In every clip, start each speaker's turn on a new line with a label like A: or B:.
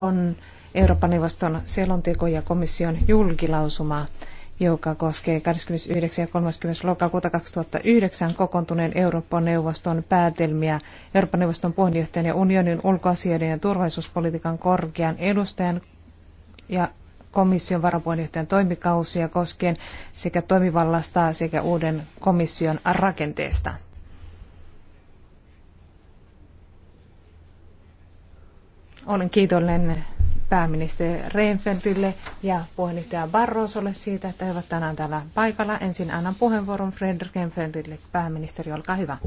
A: on Euroopan neuvoston selonteko ja komission julkilausuma, joka koskee 29. ja 30. lokakuuta 2009 kokoontuneen Euroopan neuvoston päätelmiä Euroopan neuvoston puheenjohtajan ja unionin ulkoasioiden ja turvallisuuspolitiikan korkean edustajan ja komission varapuheenjohtajan toimikausia koskien sekä toimivallasta sekä uuden komission rakenteesta. Olen kiitollinen pääministeri Reinfeldille ja puheenjohtaja Barrosolle siitä, että he ovat tänään täällä paikalla. Ensin annan puheenvuoron Fredrik Reinfeldille Pääministeri, olkaa hyvä.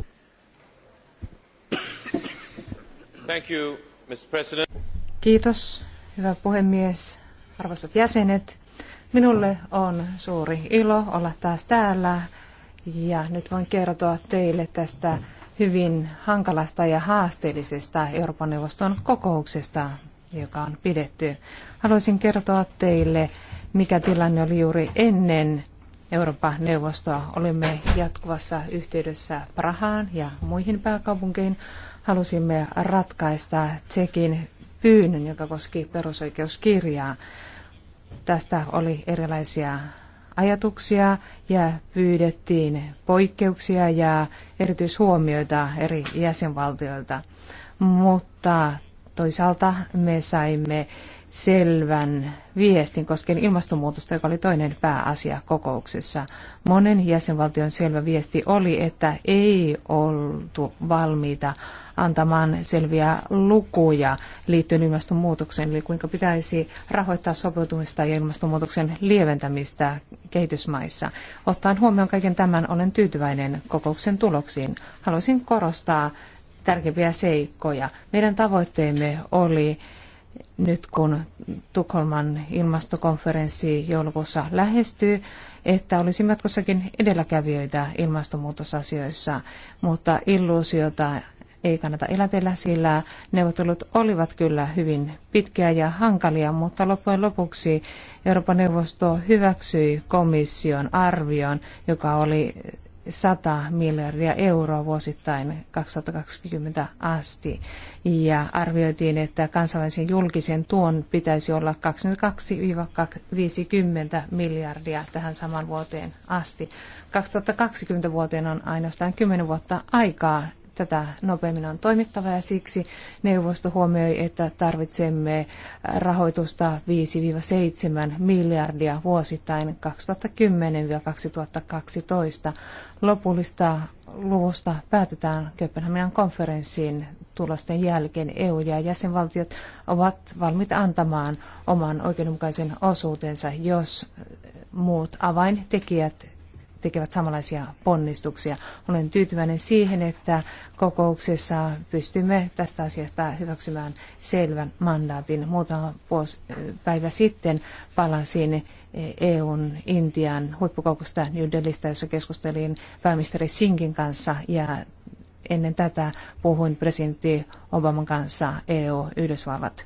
B: Thank you, Mr. President.
A: Kiitos, hyvä puhemies, arvoisat jäsenet. Minulle on suuri ilo olla taas täällä ja nyt voin kertoa teille tästä hyvin hankalasta ja haasteellisesta Euroopan neuvoston kokouksesta, joka on pidetty. Haluaisin kertoa teille, mikä tilanne oli juuri ennen Euroopan neuvostoa. Olimme jatkuvassa yhteydessä Prahaan ja muihin pääkaupunkeihin. Halusimme ratkaista Tsekin pyynnön, joka koski perusoikeuskirjaa. Tästä oli erilaisia ajatuksia ja pyydettiin poikkeuksia ja erityishuomioita eri jäsenvaltioilta. Mutta toisaalta me saimme selvän viestin koskien ilmastonmuutosta, joka oli toinen pääasia kokouksessa. Monen jäsenvaltion selvä viesti oli, että ei oltu valmiita antamaan selviä lukuja liittyen ilmastonmuutokseen, eli kuinka pitäisi rahoittaa sopeutumista ja ilmastonmuutoksen lieventämistä kehitysmaissa. Ottaen huomioon kaiken tämän, olen tyytyväinen kokouksen tuloksiin. Haluaisin korostaa tärkeimpiä seikkoja. Meidän tavoitteemme oli nyt kun Tukholman ilmastokonferenssi joulukuussa lähestyy, että olisimme jatkossakin edelläkävijöitä ilmastonmuutosasioissa, mutta illuusiota ei kannata elätellä, sillä neuvottelut olivat kyllä hyvin pitkiä ja hankalia, mutta loppujen lopuksi Euroopan neuvosto hyväksyi komission arvion, joka oli 100 miljardia euroa vuosittain 2020 asti. Ja arvioitiin, että kansalaisen julkisen tuon pitäisi olla 22-50 miljardia tähän saman vuoteen asti. 2020 vuoteen on ainoastaan 10 vuotta aikaa tätä nopeammin on toimittava ja siksi neuvosto huomioi, että tarvitsemme rahoitusta 5-7 miljardia vuosittain 2010-2012. Lopullista luvusta päätetään Kööpenhaminan konferenssin tulosten jälkeen EU ja jäsenvaltiot ovat valmiita antamaan oman oikeudenmukaisen osuutensa, jos muut avaintekijät tekevät samanlaisia ponnistuksia. Olen tyytyväinen siihen, että kokouksessa pystymme tästä asiasta hyväksymään selvän mandaatin. Muutama vuosi, päivä sitten palasin EUn Intian huippukokousta New Delhistä, jossa keskustelin pääministeri Singin kanssa ja ennen tätä puhuin presidentti Obaman kanssa EU-Yhdysvallat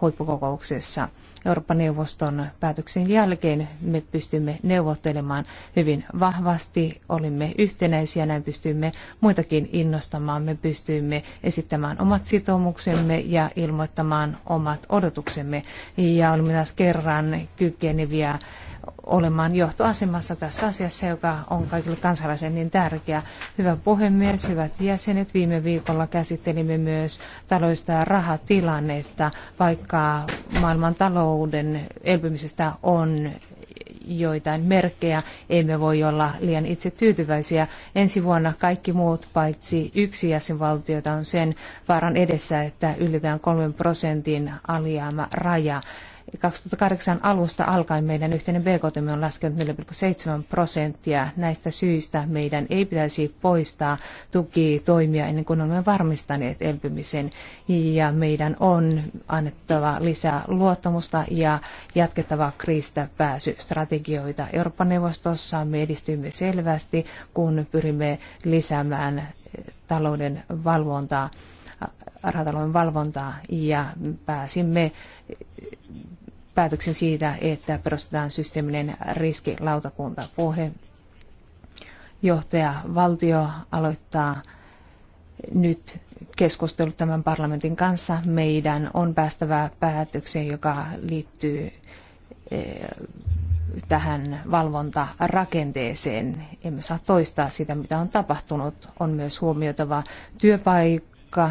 A: huippukokouksessa. Euroopan neuvoston päätöksen jälkeen me pystymme neuvottelemaan hyvin vahvasti, olimme yhtenäisiä, näin pystymme muitakin innostamaan, me pystymme esittämään omat sitoumuksemme ja ilmoittamaan omat odotuksemme ja olimme taas kerran kykeneviä olemaan johtoasemassa tässä asiassa, joka on kaikille kansalaisille niin tärkeä. Hyvä puhemies, hyvät jäsenet, viime viikolla käsittelimme myös taloudellista ja rahatilannetta, vaikka maailman talouden elpymisestä on joitain merkkejä, emme voi olla liian itse tyytyväisiä. Ensi vuonna kaikki muut paitsi yksi jäsenvaltiota on sen vaaran edessä, että ylitään kolmen prosentin alijäämäraja. raja 2008 alusta alkaen meidän yhteinen BKT on laskenut 4,7 prosenttia. Näistä syistä meidän ei pitäisi poistaa tukitoimia ennen kuin olemme varmistaneet elpymisen. Ja meidän on annettava lisää luottamusta ja jatkettava kriisistä pääsystrategioita. Euroopan neuvostossa me edistymme selvästi, kun pyrimme lisäämään eh, talouden valvontaa, eh, rahatalouden valvontaa ja pääsimme eh, päätöksen siitä, että perustetaan systeeminen riskilautakunta. Puheenjohtaja valtio aloittaa nyt keskustellut tämän parlamentin kanssa. Meidän on päästävä päätökseen, joka liittyy eh, tähän valvontarakenteeseen. Emme saa toistaa sitä, mitä on tapahtunut. On myös huomioitava työpaikka,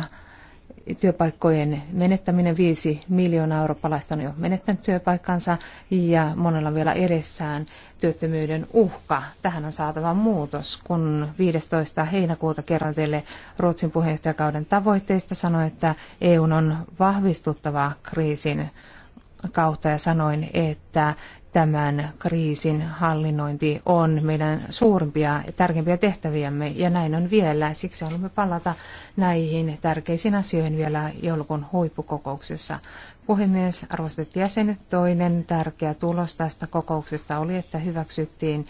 A: työpaikkojen menettäminen. Viisi miljoonaa eurooppalaista on jo menettänyt työpaikkansa ja monella vielä edessään työttömyyden uhka. Tähän on saatava muutos, kun 15. heinäkuuta kerron teille Ruotsin puheenjohtajakauden tavoitteista. sanoi, että EUn on vahvistuttava kriisin kautta ja sanoin, että tämän kriisin hallinnointi on meidän suurimpia ja tärkeimpiä tehtäviämme, ja näin on vielä. Siksi haluamme palata näihin tärkeisiin asioihin vielä joulukuun huippukokouksessa. Puhemies, arvostetut jäsenet, toinen tärkeä tulos tästä kokouksesta oli, että hyväksyttiin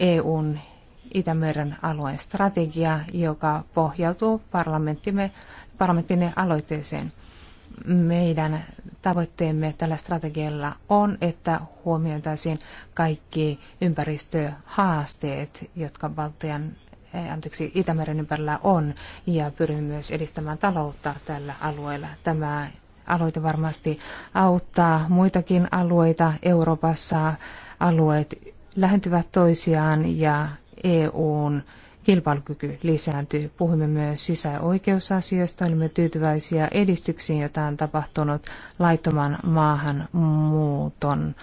A: EUn Itämeren alueen strategia, joka pohjautuu parlamenttimme, parlamenttinne aloitteeseen meidän tavoitteemme tällä strategialla on, että huomioitaisiin kaikki ympäristöhaasteet, jotka Baltian eh, anteeksi, Itämeren ympärillä on, ja pyrimme myös edistämään taloutta tällä alueella. Tämä aloite varmasti auttaa muitakin alueita Euroopassa. Alueet lähentyvät toisiaan ja EUn kilpailukyky lisääntyy. Puhumme myös sisä- ja oikeusasioista. Olemme tyytyväisiä edistyksiin, jota on tapahtunut laittoman maahanmuuton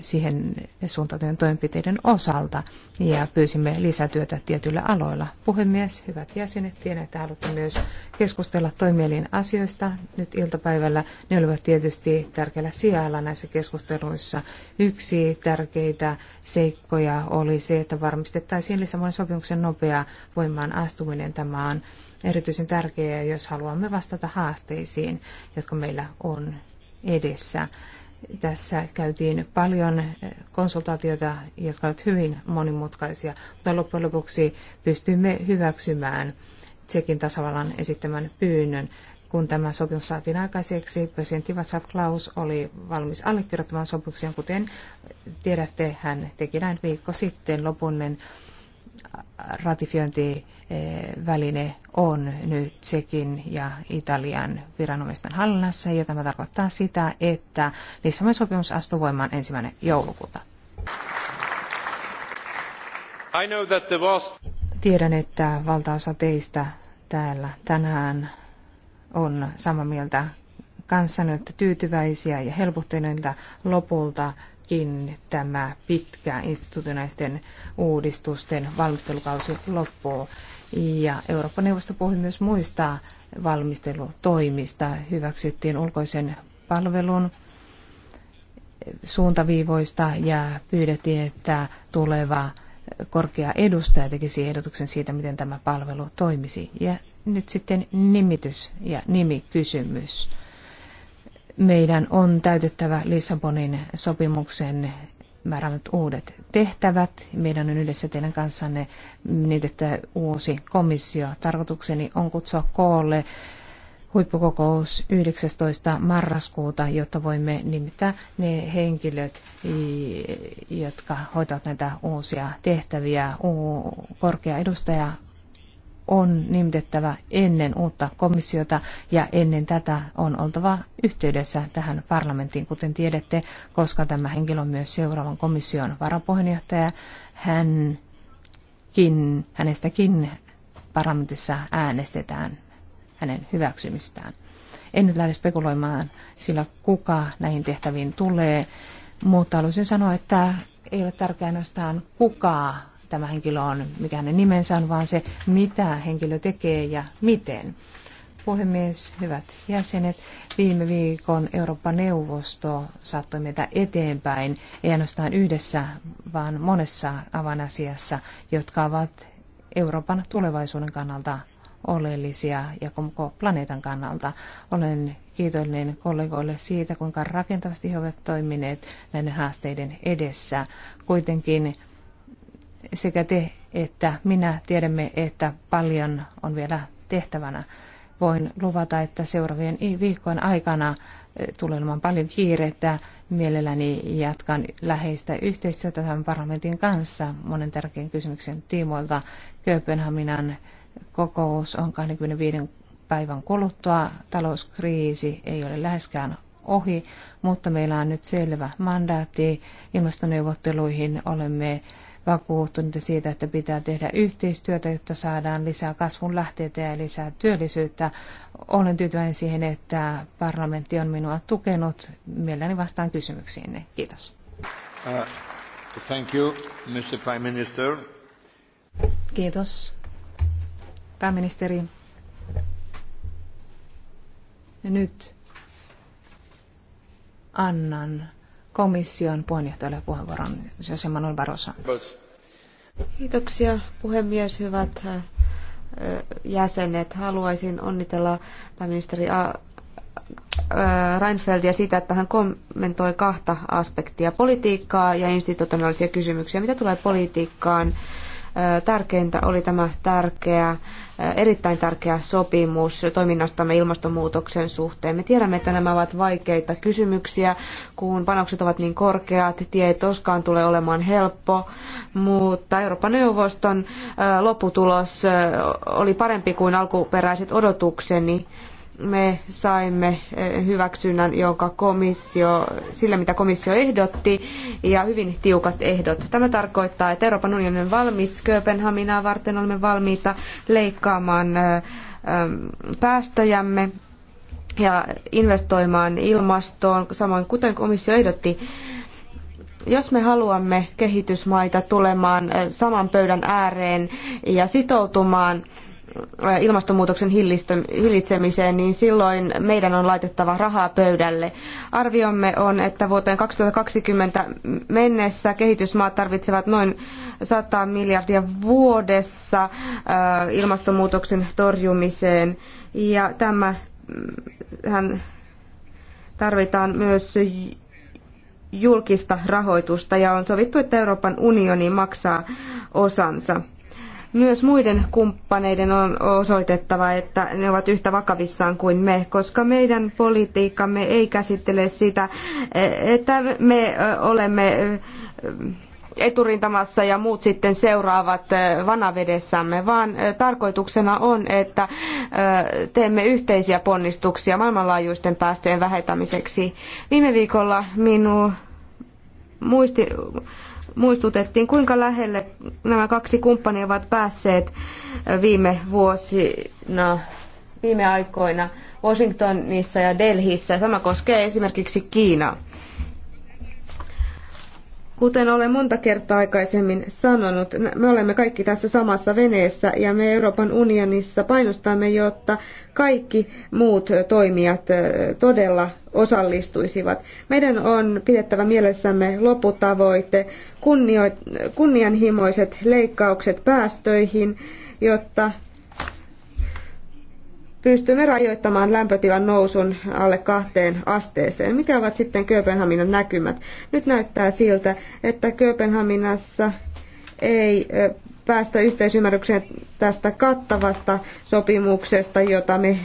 A: siihen suuntautuneiden toimenpiteiden osalta ja pyysimme lisätyötä tietyillä aloilla. Puhemies, hyvät jäsenet, tiedän, että haluatte myös keskustella toimielin asioista nyt iltapäivällä. Ne olivat tietysti tärkeällä sijalla näissä keskusteluissa. Yksi tärkeitä seikkoja oli se, että varmistettaisiin Lissabonin sopimuksen nopea voimaan astuminen. Tämä on erityisen tärkeää, jos haluamme vastata haasteisiin, jotka meillä on edessä. Tässä käytiin paljon eh, konsultaatioita, jotka ovat hyvin monimutkaisia, mutta loppujen lopuksi pystymme hyväksymään Tsekin tasavallan esittämän pyynnön. Kun tämä sopimus saatiin aikaiseksi, presidentti Václav Klaus oli valmis allekirjoittamaan sopimuksen, kuten tiedätte, hän teki näin viikko sitten lopunnen ratifiointiväline on nyt Tsekin ja Italian viranomaisten hallinnassa, ja tämä tarkoittaa sitä, että Lissabonin sopimus astuu voimaan ensimmäinen joulukuuta. Tiedän, että valtaosa teistä täällä tänään on samaa mieltä kanssani, että tyytyväisiä ja helpottuneita lopulta todellakin tämä pitkä institutionaisten uudistusten valmistelukausi loppuu. Ja Eurooppa-neuvosto puhui myös muista valmistelutoimista. Hyväksyttiin ulkoisen palvelun suuntaviivoista ja pyydettiin, että tuleva korkea edustaja tekisi ehdotuksen siitä, miten tämä palvelu toimisi. Ja nyt sitten nimitys ja nimikysymys meidän on täytettävä Lissabonin sopimuksen määräämät uudet tehtävät. Meidän on yhdessä teidän kanssanne mietittä uusi komissio. Tarkoitukseni on kutsua koolle huippukokous 19. marraskuuta, jotta voimme nimittää ne henkilöt, jotka hoitavat näitä uusia tehtäviä. Korkea edustaja on nimitettävä ennen uutta komissiota ja ennen tätä on oltava yhteydessä tähän parlamenttiin, kuten tiedätte, koska tämä henkilö on myös seuraavan komission varapuheenjohtaja. Hänkin, hänestäkin parlamentissa äänestetään hänen hyväksymistään. En nyt lähde spekuloimaan sillä, kuka näihin tehtäviin tulee, mutta haluaisin sanoa, että ei ole tärkeää ainoastaan kuka tämä henkilö on, mikä hänen nimensä on, vaan se, mitä henkilö tekee ja miten. Puhemies, hyvät jäsenet, viime viikon Euroopan neuvosto saattoi meitä eteenpäin, ei ainoastaan yhdessä, vaan monessa avainasiassa, jotka ovat Euroopan tulevaisuuden kannalta oleellisia ja koko planeetan kannalta. Olen kiitollinen kollegoille siitä, kuinka rakentavasti he ovat toimineet näiden haasteiden edessä. Kuitenkin sekä te että minä tiedämme, että paljon on vielä tehtävänä. Voin luvata, että seuraavien viikkojen aikana eh, tulee olemaan paljon kiirettä. Mielelläni jatkan läheistä yhteistyötä tämän parlamentin kanssa monen tärkeän kysymyksen tiimoilta. Kööpenhaminan kokous on 25 päivän kuluttua. Talouskriisi ei ole läheskään ohi, mutta meillä on nyt selvä mandaatti ilmastoneuvotteluihin. Olemme vakuuttuneita siitä, että pitää tehdä yhteistyötä, jotta saadaan lisää kasvun lähteitä ja lisää työllisyyttä. Olen tyytyväinen siihen, että parlamentti on minua tukenut. Mielelläni vastaan kysymyksiinne. Kiitos.
B: Uh, thank you, Mr. Prime Minister.
A: Kiitos, pääministeri. Ja nyt annan komission puheenjohtajalle puheenvuoron, Manuel Barroso. Kiitoksia puhemies, hyvät äh,
C: jäsenet. Haluaisin onnitella pääministeri A. Äh, äh, Reinfeldtia siitä, että hän kommentoi kahta aspektia, politiikkaa ja institutionaalisia kysymyksiä. Mitä tulee politiikkaan? Tärkeintä oli tämä tärkeä, erittäin tärkeä sopimus toiminnastamme ilmastonmuutoksen suhteen. Me tiedämme, että nämä ovat vaikeita kysymyksiä, kun panokset ovat niin korkeat, tie ei toskaan tule olemaan helppo, mutta Euroopan neuvoston lopputulos oli parempi kuin alkuperäiset odotukseni me saimme eh, hyväksynnän, jonka komissio, sillä mitä komissio ehdotti, ja hyvin tiukat ehdot. Tämä tarkoittaa, että Euroopan unioni on valmis Kööpenhaminaa varten, olemme valmiita leikkaamaan eh, eh, päästöjämme ja investoimaan ilmastoon, samoin kuten komissio ehdotti. Jos me haluamme kehitysmaita tulemaan saman pöydän ääreen ja sitoutumaan Äh, ilmastonmuutoksen hillitsemiseen, niin silloin meidän on laitettava rahaa pöydälle. Arviomme on, että vuoteen 2020 mennessä kehitysmaat tarvitsevat noin 100 miljardia vuodessa äh, ilmastonmuutoksen torjumiseen. Ja tämä mm, tarvitaan myös julkista rahoitusta ja on sovittu, että Euroopan unioni maksaa osansa. Myös muiden kumppaneiden on osoitettava, että ne ovat yhtä vakavissaan kuin me, koska meidän politiikkamme ei käsittele sitä, että me olemme eturintamassa ja muut sitten seuraavat vanavedessämme, vaan tarkoituksena on, että teemme yhteisiä ponnistuksia maailmanlaajuisten päästöjen vähentämiseksi. Viime viikolla minun muisti muistutettiin, kuinka lähelle nämä kaksi kumppania ovat päässeet äh, viime vuosina, viime aikoina Washingtonissa ja Delhissä. Sama koskee esimerkiksi Kiinaa. Kuten olen monta kertaa aikaisemmin sanonut, me olemme kaikki tässä samassa veneessä ja me Euroopan unionissa painostamme, jotta kaikki muut toimijat todella osallistuisivat. Meidän on pidettävä mielessämme loputavoite, kunnianhimoiset leikkaukset päästöihin, jotta pystymme rajoittamaan lämpötilan nousun alle kahteen asteeseen. Mikä ovat sitten Kööpenhaminan näkymät? Nyt näyttää siltä, että Kööpenhaminassa ei päästä yhteisymmärrykseen tästä kattavasta sopimuksesta, jota me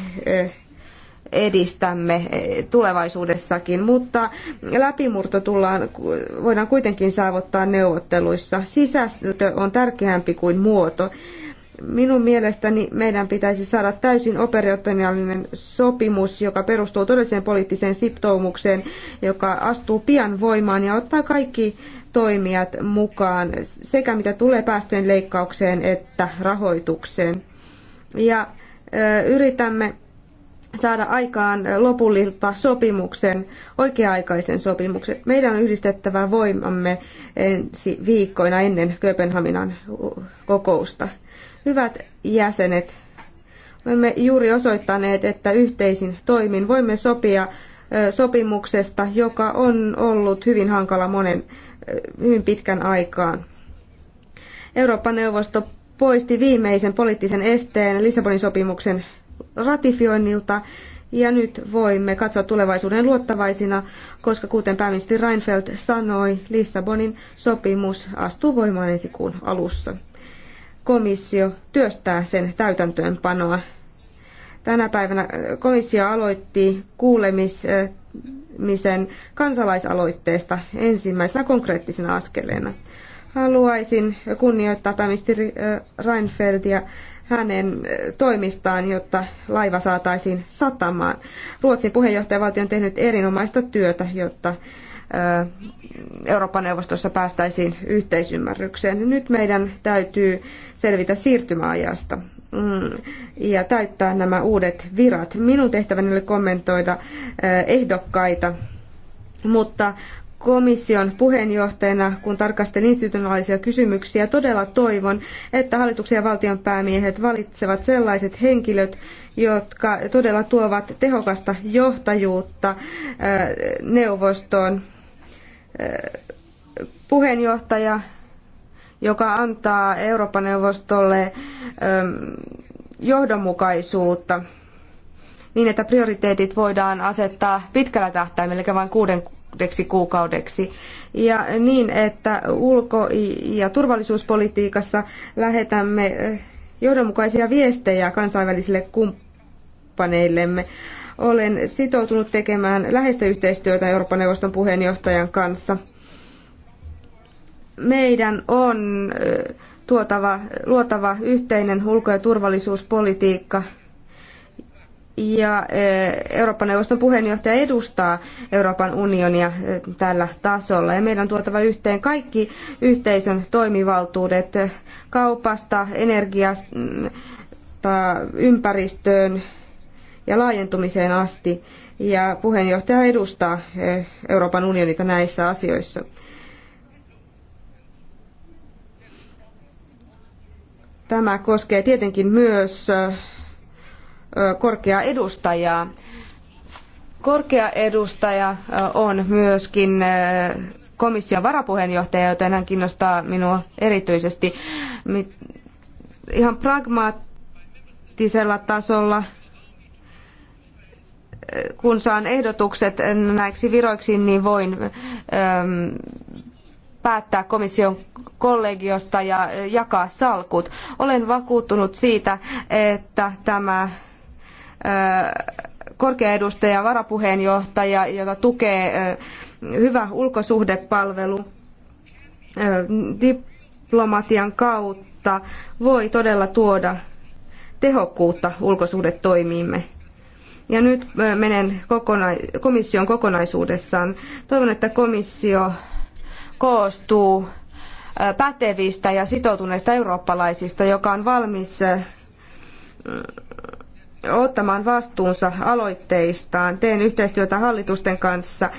C: edistämme e, tulevaisuudessakin, mutta läpimurto tullaan, voidaan kuitenkin saavuttaa neuvotteluissa. Sisältö on tärkeämpi kuin muoto minun mielestäni meidän pitäisi saada täysin operationaalinen sopimus, joka perustuu todelliseen poliittiseen sitoumukseen, joka astuu pian voimaan ja ottaa kaikki toimijat mukaan sekä mitä tulee päästöjen leikkaukseen että rahoitukseen. Ja yritämme saada aikaan lopulta sopimuksen, oikea-aikaisen sopimuksen. Meidän on yhdistettävä voimamme ensi viikkoina ennen Kööpenhaminan kokousta. Hyvät jäsenet, olemme juuri osoittaneet, että yhteisin toimin voimme sopia sopimuksesta, joka on ollut hyvin hankala monen hyvin pitkän aikaan. Euroopan neuvosto poisti viimeisen poliittisen esteen Lissabonin sopimuksen ratifioinnilta ja nyt voimme katsoa tulevaisuuden luottavaisina, koska kuten pääministeri Reinfeldt sanoi, Lissabonin sopimus astuu voimaan ensi kuun alussa komissio työstää sen täytäntöönpanoa. Tänä päivänä äh, komissio aloitti kuulemisen kansalaisaloitteesta ensimmäisenä konkreettisena askeleena. Haluaisin kunnioittaa pääministeri äh, Reinfeldtia hänen äh, toimistaan, jotta laiva saataisiin satamaan. Ruotsin puheenjohtajavaltio on tehnyt erinomaista työtä, jotta Euroopan neuvostossa päästäisiin yhteisymmärrykseen. Nyt meidän täytyy selvitä siirtymäajasta mm, ja täyttää nämä uudet virat. Minun tehtäväni oli kommentoida eh, ehdokkaita, mutta komission puheenjohtajana, kun tarkastelen institutionaalisia kysymyksiä, todella toivon, että hallituksen ja valtion päämiehet valitsevat sellaiset henkilöt, jotka todella tuovat tehokasta johtajuutta eh, neuvostoon puheenjohtaja, joka antaa Euroopan neuvostolle ähm, johdonmukaisuutta niin, että prioriteetit voidaan asettaa pitkällä tähtäimellä, eikä vain kuudeksi kuukaudeksi. Ja niin, että ulko- ja turvallisuuspolitiikassa lähetämme äh, johdonmukaisia viestejä kansainvälisille kumppaneillemme. Olen sitoutunut tekemään läheistä yhteistyötä Euroopan neuvoston puheenjohtajan kanssa. Meidän on tuotava, luotava yhteinen ulko- ja turvallisuuspolitiikka ja Euroopan neuvoston puheenjohtaja edustaa Euroopan unionia tällä tasolla. Ja meidän on tuotava yhteen kaikki yhteisön toimivaltuudet kaupasta, energiasta, ympäristöön, ja laajentumiseen asti, ja puheenjohtaja edustaa eh, Euroopan unionita näissä asioissa. Tämä koskee tietenkin myös korkeaa eh, edustajaa. Eh, korkea edustaja on myöskin komission varapuheenjohtaja, joten hän kiinnostaa minua erityisesti. Ihan pragmaattisella tasolla kun saan ehdotukset näiksi viroiksi, niin voin ähm, päättää komission kollegiosta ja äh, jakaa salkut. Olen vakuuttunut siitä, että tämä äh, korkea edustaja varapuheenjohtaja, jota tukee äh, hyvä ulkosuhdepalvelu diplomatian kautta, voi todella tuoda tehokkuutta ulkosuhdetoimiimme. Ja nyt menen kokona- komission kokonaisuudessaan. Toivon, että komissio koostuu pätevistä ja sitoutuneista eurooppalaisista, joka on valmis ottamaan vastuunsa aloitteistaan. Teen yhteistyötä hallitusten kanssa.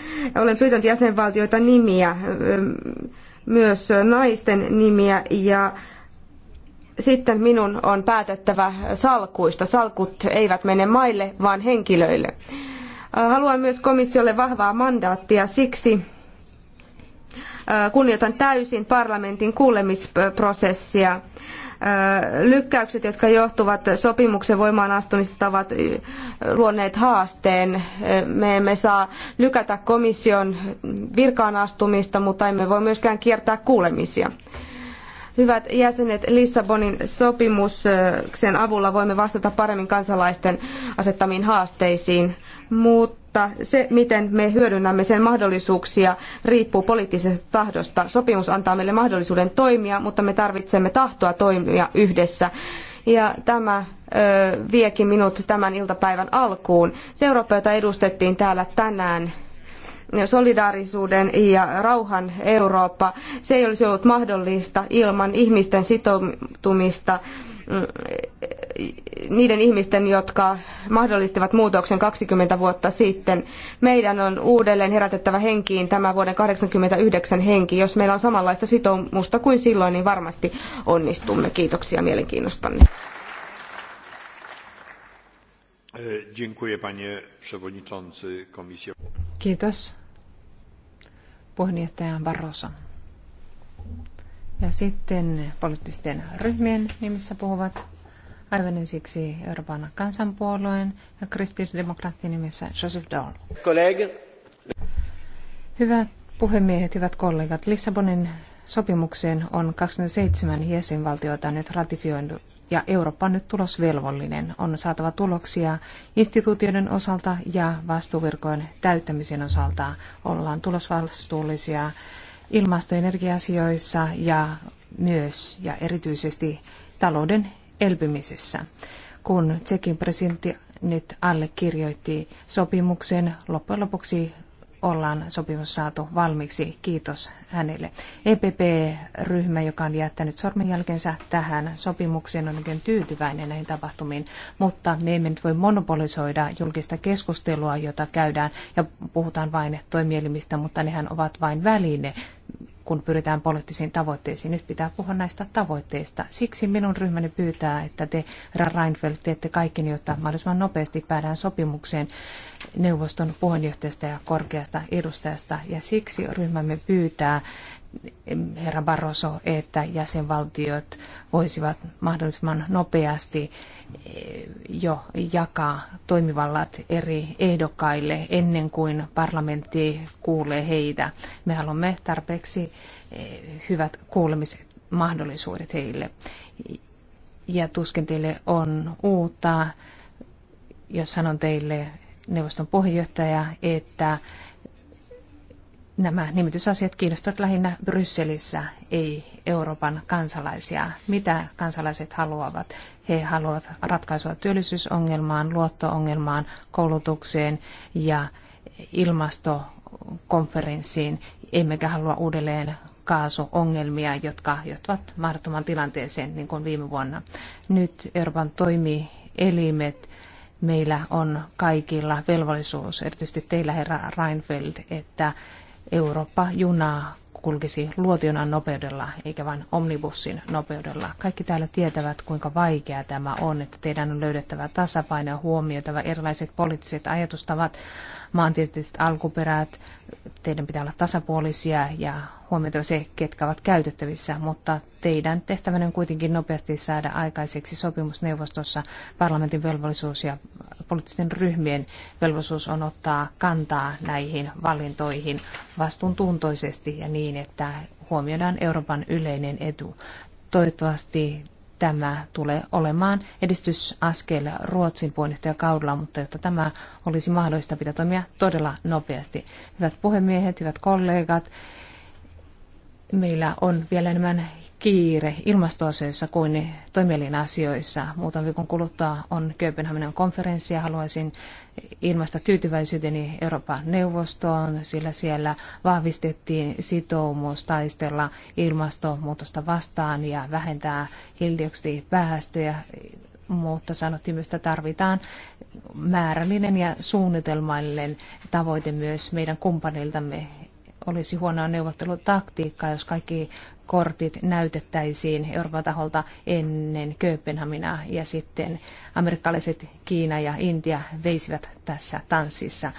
C: Olen pyytänyt jäsenvaltioita nimiä, myös naisten nimiä ja sitten minun on päätettävä salkuista. Salkut eivät mene maille, vaan henkilöille. Äh, haluan myös komissiolle vahvaa mandaattia siksi, äh, kunnioitan täysin parlamentin kuulemisprosessia. Äh, lykkäykset, jotka johtuvat sopimuksen voimaan astumisesta, ovat luoneet haasteen. Me emme saa lykätä komission virkaan astumista, mutta emme voi myöskään kiertää kuulemisia. Hyvät jäsenet, Lissabonin sopimuksen avulla voimme vastata paremmin kansalaisten asettamiin haasteisiin, mutta se, miten me hyödynnämme sen mahdollisuuksia, riippuu poliittisesta tahdosta. Sopimus antaa meille mahdollisuuden toimia, mutta me tarvitsemme tahtoa toimia yhdessä. Ja tämä ö, viekin minut tämän iltapäivän alkuun. Se Eurooppa, jota edustettiin täällä tänään, solidaarisuuden ja rauhan Eurooppa. Se ei olisi ollut mahdollista ilman ihmisten sitoutumista mm, niiden ihmisten, jotka mahdollistivat muutoksen 20 vuotta sitten. Meidän on uudelleen herätettävä henkiin tämä vuoden 89 henki. Jos meillä on samanlaista sitoumusta kuin silloin, niin varmasti onnistumme. Kiitoksia mielenkiinnostanne.
A: Kiitos puheenjohtaja Barroso. Ja sitten poliittisten ryhmien nimissä puhuvat aivan ensiksi Euroopan kansanpuolueen ja kristillisdemokraattien nimessä Joseph Daul. Hyvät puhemiehet, hyvät kollegat, Lissabonin sopimukseen on 27 jäsenvaltiota nyt ratifioinut ja Eurooppa on nyt tulosvelvollinen. On saatava tuloksia instituutioiden osalta ja vastuuvirkojen täyttämisen osalta. Ollaan tulosvastuullisia ilmasto- ja energia-asioissa ja myös ja erityisesti talouden elpymisessä. Kun Tsekin presidentti nyt allekirjoitti sopimuksen, loppujen lopuksi ollaan sopimus saatu valmiiksi. Kiitos hänelle. EPP-ryhmä, joka on jättänyt sormenjälkensä tähän sopimukseen, on oikein tyytyväinen näihin tapahtumiin, mutta me emme nyt voi monopolisoida julkista keskustelua, jota käydään ja puhutaan vain toimielimistä, mutta nehän ovat vain väline kun pyritään poliittisiin tavoitteisiin. Nyt pitää puhua näistä tavoitteista. Siksi minun ryhmäni pyytää, että te, Reinfeldt, teette kaiken, jotta mahdollisimman nopeasti päädään sopimukseen neuvoston puheenjohtajasta ja korkeasta edustajasta. Ja siksi ryhmämme pyytää herra Barroso, että jäsenvaltiot voisivat mahdollisimman nopeasti eh, jo jakaa toimivallat eri ehdokkaille ennen kuin parlamentti kuulee heitä. Me haluamme tarpeeksi eh, hyvät kuulemismahdollisuudet heille. Ja tuskin teille on uutta, jos sanon teille neuvoston puheenjohtaja, että nämä nimitysasiat kiinnostavat lähinnä Brysselissä, ei Euroopan kansalaisia. Mitä kansalaiset haluavat? He haluavat ratkaisua työllisyysongelmaan, luottoongelmaan, koulutukseen ja ilmastokonferenssiin, emmekä halua uudelleen kaasuongelmia, jotka johtavat mahdottoman tilanteeseen, niin kuin viime vuonna. Nyt Euroopan toimielimet meillä on kaikilla velvollisuus, erityisesti teillä herra Reinfeldt, että Eurooppa-junaa kulkisi luotionan nopeudella eikä vain omnibussin nopeudella. Kaikki täällä tietävät, kuinka vaikeaa tämä on, että teidän on löydettävä tasapaino ja huomioitava erilaiset poliittiset ajatustavat, maantieteelliset alkuperät, teidän pitää olla tasapuolisia ja huomioitava se, ketkä ovat käytettävissä, mutta teidän tehtävänne on kuitenkin nopeasti saada aikaiseksi sopimusneuvostossa parlamentin velvollisuus ja poliittisten ryhmien velvollisuus on ottaa kantaa näihin valintoihin vastuuntuntoisesti ja niin, että huomioidaan Euroopan yleinen etu. Toivottavasti tämä tulee olemaan edistysaskel Ruotsin puheenjohtajakaudella, mutta jotta tämä olisi mahdollista, pitää toimia todella nopeasti. Hyvät puhemiehet, hyvät kollegat, meillä on vielä enemmän kiire ilmastoasioissa kuin toimielin asioissa. Muutaman viikon kuluttua on Kööpenhaminan konferenssi ja haluaisin ilmaista tyytyväisyyteni Euroopan neuvostoon, sillä siellä vahvistettiin sitoumus taistella ilmastonmuutosta vastaan ja vähentää hiilidioksidipäästöjä mutta sanottiin myös, että tarvitaan määrällinen ja suunnitelmallinen tavoite myös meidän kumppaniltamme. Olisi huonoa neuvottelutaktiikkaa, jos kaikki kortit näytettäisiin Euroopan taholta ennen Kööpenhaminaa ja sitten amerikkalaiset Kiina ja Intia veisivät tässä tanssissa.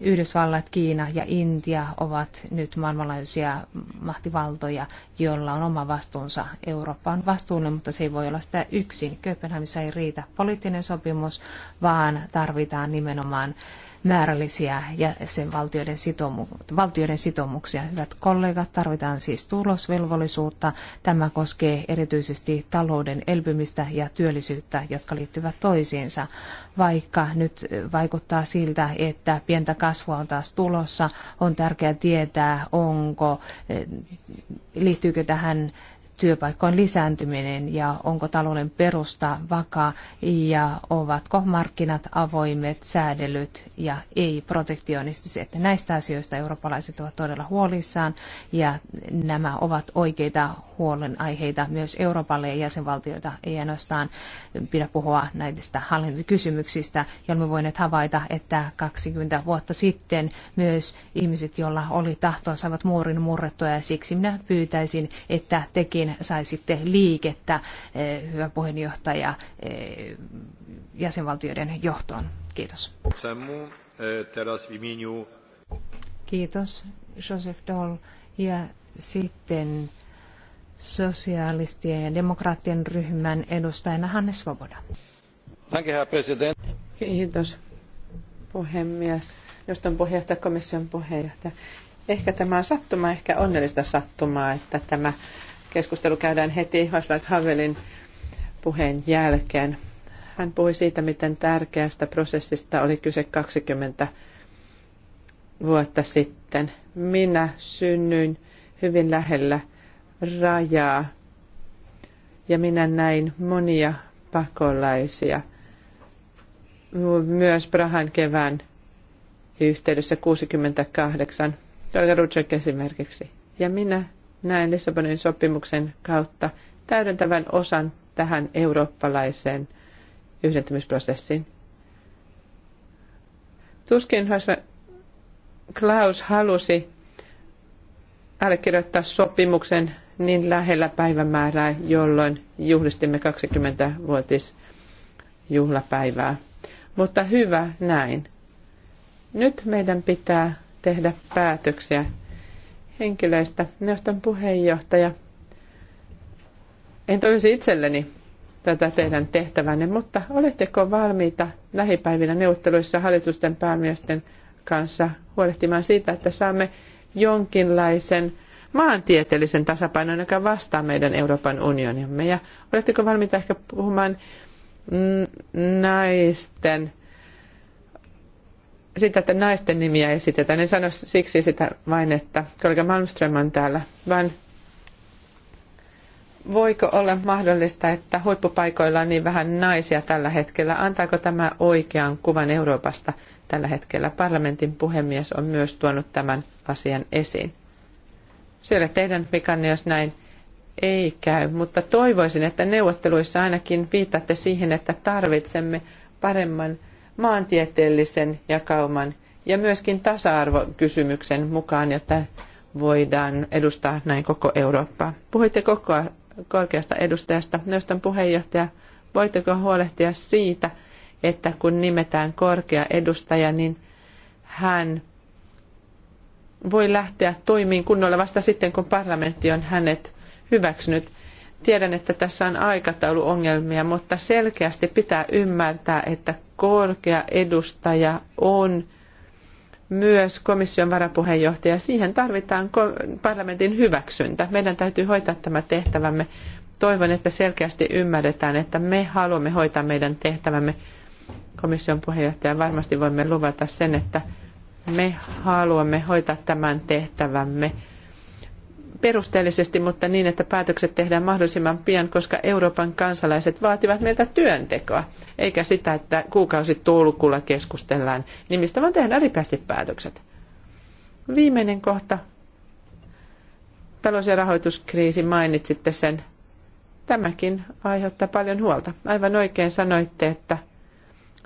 A: Yhdysvallat, Kiina ja Intia ovat nyt maailmanlaajuisia mahtivaltoja, joilla on oma vastuunsa. Eurooppa on vastuullinen, mutta se ei voi olla sitä yksin. Kööpenhamissa ei riitä poliittinen sopimus, vaan tarvitaan nimenomaan määrällisiä jäsenvaltioiden sitoumuksia. valtioiden sitoumuksia. Hyvät kollegat, tarvitaan siis tulosvelvollisuutta. Tämä koskee erityisesti talouden elpymistä ja työllisyyttä, jotka liittyvät toisiinsa. Vaikka nyt vaikuttaa siltä, että pientä kasvua on taas tulossa, on tärkeää tietää, onko, eh, liittyykö tähän työpaikkojen lisääntyminen ja onko talouden perusta vakaa ja ovatko markkinat avoimet, säädelyt ja ei-protektionistiset. Näistä asioista eurooppalaiset ovat todella huolissaan ja nämä ovat oikeita huolenaiheita myös Euroopalle ja jäsenvaltioita. Ei ainoastaan pidä puhua näistä hallintokysymyksistä, jolloin me voineet havaita, että 20 vuotta sitten myös ihmiset, joilla oli tahtoa, saivat muurin murrettua ja siksi minä pyytäisin, että tekin sai saisitte liikettä, eh, hyvä puheenjohtaja, eh, jäsenvaltioiden johtoon. Kiitos. Kiitos, Joseph Doll. Ja sitten sosialistien ja demokraattien ryhmän edustajana Hannes Svoboda. Kiitos, puhemies. Just on puheenjohtaja, komission
B: puheenjohtaja. Ehkä tämä on sattumaa, ehkä onnellista sattumaa, että tämä keskustelu käydään heti Oslat Havelin puheen jälkeen. Hän puhui siitä, miten tärkeästä prosessista oli kyse 20 vuotta sitten. Minä synnyin hyvin lähellä rajaa ja minä näin monia pakolaisia. Myös Prahan kevään yhteydessä 68, Rutschek esimerkiksi. Ja minä näen Lissabonin sopimuksen kautta täydentävän osan tähän eurooppalaiseen yhdentymisprosessiin. Tuskin Klaus halusi allekirjoittaa sopimuksen niin lähellä päivämäärää, jolloin juhlistimme 20-vuotisjuhlapäivää. Mutta hyvä näin. Nyt meidän pitää tehdä päätöksiä henkilöistä. Neuvoston puheenjohtaja. En toivisi itselleni tätä teidän tehtävänne, mutta oletteko valmiita lähipäivinä neuvotteluissa hallitusten päämiesten kanssa huolehtimaan siitä, että saamme jonkinlaisen maantieteellisen tasapainon, joka vastaa meidän Euroopan unionimme. Ja oletteko valmiita ehkä puhumaan naisten sitä, että naisten nimiä esitetään. En sano siksi sitä vain, että kollega Malmström on täällä, vaan voiko olla mahdollista, että huippupaikoilla on niin vähän naisia tällä hetkellä? Antaako tämä oikean kuvan Euroopasta tällä hetkellä? Parlamentin puhemies on myös tuonut tämän asian esiin. Siellä teidän vikanne, jos näin ei käy, mutta toivoisin, että neuvotteluissa ainakin viitatte siihen, että tarvitsemme paremman maantieteellisen jakauman ja myöskin tasa-arvokysymyksen mukaan, jotta voidaan edustaa näin koko Eurooppaa. Puhuitte koko korkeasta edustajasta, neuvoston puheenjohtaja, voitteko huolehtia siitä, että kun nimetään korkea edustaja, niin hän voi lähteä toimiin kunnolla vasta sitten, kun parlamentti on hänet hyväksynyt. Tiedän, että tässä on aikatauluongelmia, mutta selkeästi pitää ymmärtää, että korkea edustaja on myös komission varapuheenjohtaja. Siihen tarvitaan parlamentin hyväksyntä. Meidän täytyy hoitaa tämä tehtävämme. Toivon, että selkeästi ymmärretään, että me haluamme hoitaa meidän tehtävämme. Komission puheenjohtaja varmasti voimme luvata sen, että me haluamme hoitaa tämän tehtävämme perusteellisesti, mutta niin, että päätökset tehdään mahdollisimman pian, koska Euroopan kansalaiset vaativat meiltä työntekoa, eikä sitä, että kuukausitolkulla keskustellaan nimistä, vaan tehdään ripeästi päätökset. Viimeinen kohta. Talous- ja rahoituskriisi mainitsitte sen. Tämäkin aiheuttaa paljon huolta. Aivan oikein sanoitte, että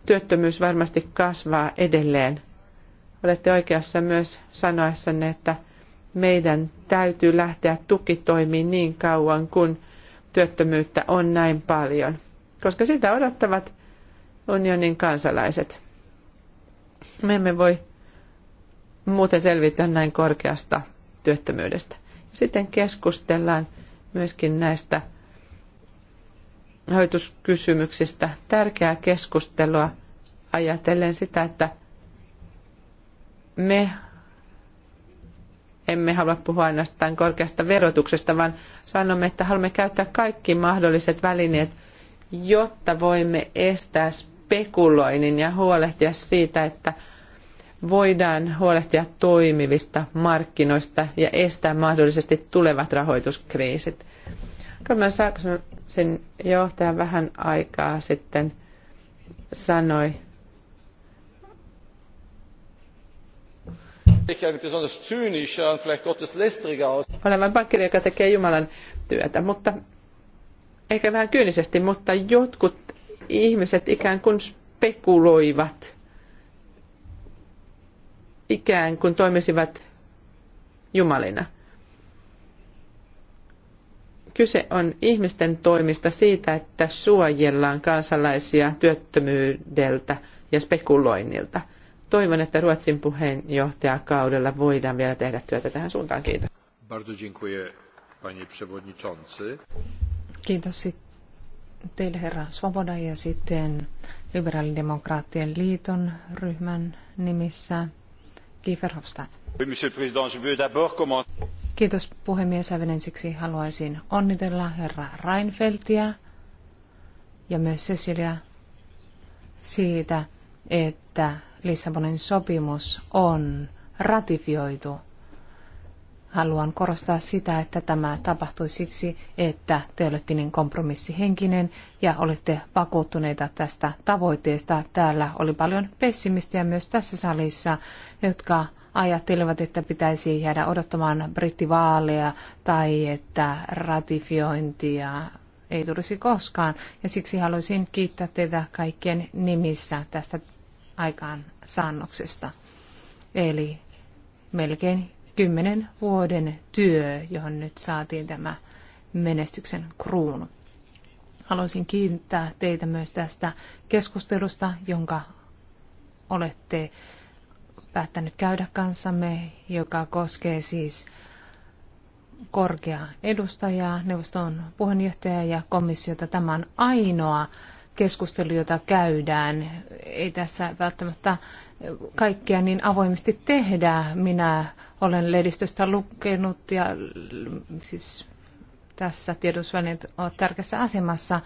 B: työttömyys varmasti kasvaa edelleen. Olette oikeassa myös sanoessanne, että meidän täytyy lähteä tukitoimiin niin kauan, kun työttömyyttä on näin paljon, koska sitä odottavat unionin kansalaiset. Me emme voi muuten selvitä näin korkeasta työttömyydestä. Sitten keskustellaan myöskin näistä hoituskysymyksistä. Tärkeää keskustelua ajatellen sitä, että me emme halua puhua ainoastaan korkeasta verotuksesta, vaan sanomme, että haluamme käyttää kaikki mahdolliset välineet, jotta voimme estää spekuloinnin ja huolehtia siitä, että voidaan huolehtia toimivista markkinoista ja estää mahdollisesti tulevat rahoituskriisit. Goldman Sachsin johtaja vähän aikaa sitten sanoi, vain pakkari, joka tekee Jumalan työtä, mutta ehkä vähän kyynisesti, mutta jotkut ihmiset ikään kuin spekuloivat, ikään kuin toimisivat jumalina. Kyse on ihmisten toimista siitä, että suojellaan kansalaisia työttömyydeltä ja spekuloinnilta – toivon, että Ruotsin puheenjohtajakaudella
A: voidaan vielä tehdä työtä tähän suuntaan. Kiitos.
B: Bardzo dziękuję, panie przewodniczący.
A: Kiitos teille herra Svoboda ja sitten liberaalidemokraattien liiton ryhmän nimissä Kiefer Hofstadt. Kiitos puhemies. Aivan ensiksi haluaisin onnitella herra Reinfeldtia ja myös Cecilia siitä, että Lissabonin sopimus on ratifioitu. Haluan korostaa sitä, että tämä tapahtui siksi, että te olette niin kompromissihenkinen ja olette vakuuttuneita tästä tavoitteesta. Täällä oli paljon pessimistiä myös tässä salissa, jotka ajattelivat, että pitäisi jäädä odottamaan brittivaaleja tai että ratifiointia ei tulisi koskaan. Ja siksi haluaisin kiittää teitä kaikkien nimissä tästä aikaan saannoksesta. Eli melkein kymmenen vuoden työ, johon nyt saatiin tämä menestyksen kruunu. Haluaisin kiittää teitä myös tästä keskustelusta, jonka olette päättänyt käydä kanssamme, joka koskee siis korkea edustajaa, neuvoston puheenjohtajaa ja komissiota. Tämä on ainoa keskustelu, jota käydään. Ei tässä välttämättä kaikkia niin avoimesti tehdä. Minä olen lehdistöstä lukenut ja siis tässä tiedotusvälineet ovat tärkeässä asemassa,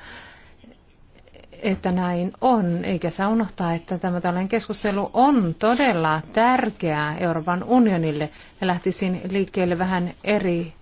A: että näin on, eikä saa unohtaa, että tämä tällainen keskustelu on todella tärkeää Euroopan unionille. Ja lähtisin liikkeelle vähän eri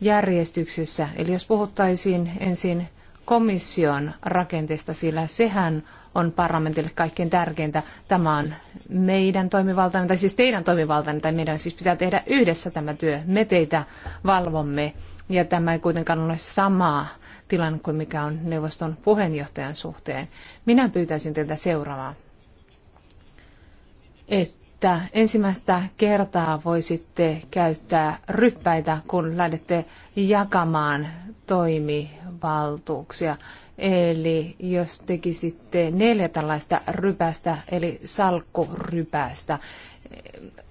A: järjestyksessä. Eli jos puhuttaisiin ensin komission rakenteesta, sillä sehän on parlamentille kaikkein tärkeintä. Tämä on meidän toimivaltamme, tai siis teidän toimivaltanne, tai meidän siis pitää tehdä yhdessä tämä työ. Me teitä valvomme, ja tämä ei kuitenkaan ole sama tilanne kuin mikä on neuvoston puheenjohtajan suhteen. Minä pyytäisin teiltä seuraavaa. Että että ensimmäistä kertaa voisitte käyttää ryppäitä, kun lähdette jakamaan toimivaltuuksia. Eli jos tekisitte neljä tällaista rypästä, eli salkkurypästä,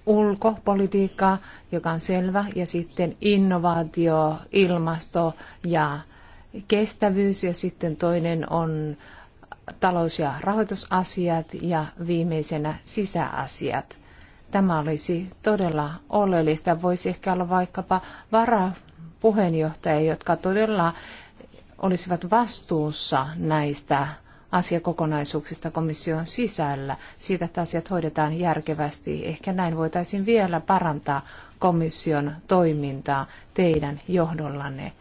A: ulkopolitiikka, joka on selvä, ja sitten innovaatio, ilmasto ja kestävyys, ja sitten toinen on talous- ja rahoitusasiat ja viimeisenä sisäasiat. Tämä olisi todella oleellista. Voisi ehkä olla vaikkapa varapuheenjohtaja, jotka todella olisivat vastuussa näistä asiakokonaisuuksista komission sisällä, siitä, että asiat hoidetaan järkevästi. Ehkä näin voitaisiin vielä parantaa komission toimintaa teidän johdollanne.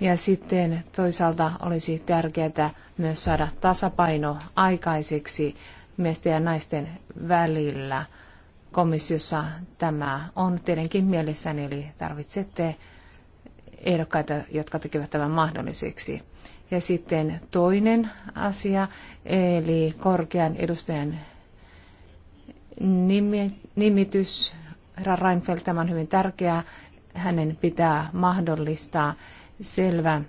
A: Ja sitten toisaalta olisi tärkeää myös saada tasapaino aikaiseksi miesten ja naisten välillä. Komissiossa tämä on tietenkin mielessäni, eli tarvitsette ehdokkaita, jotka tekevät tämän mahdolliseksi. Ja sitten toinen asia, eli korkean edustajan nimitys. Herra Reinfeldt, tämä on hyvin tärkeää. Hänen pitää mahdollistaa selvä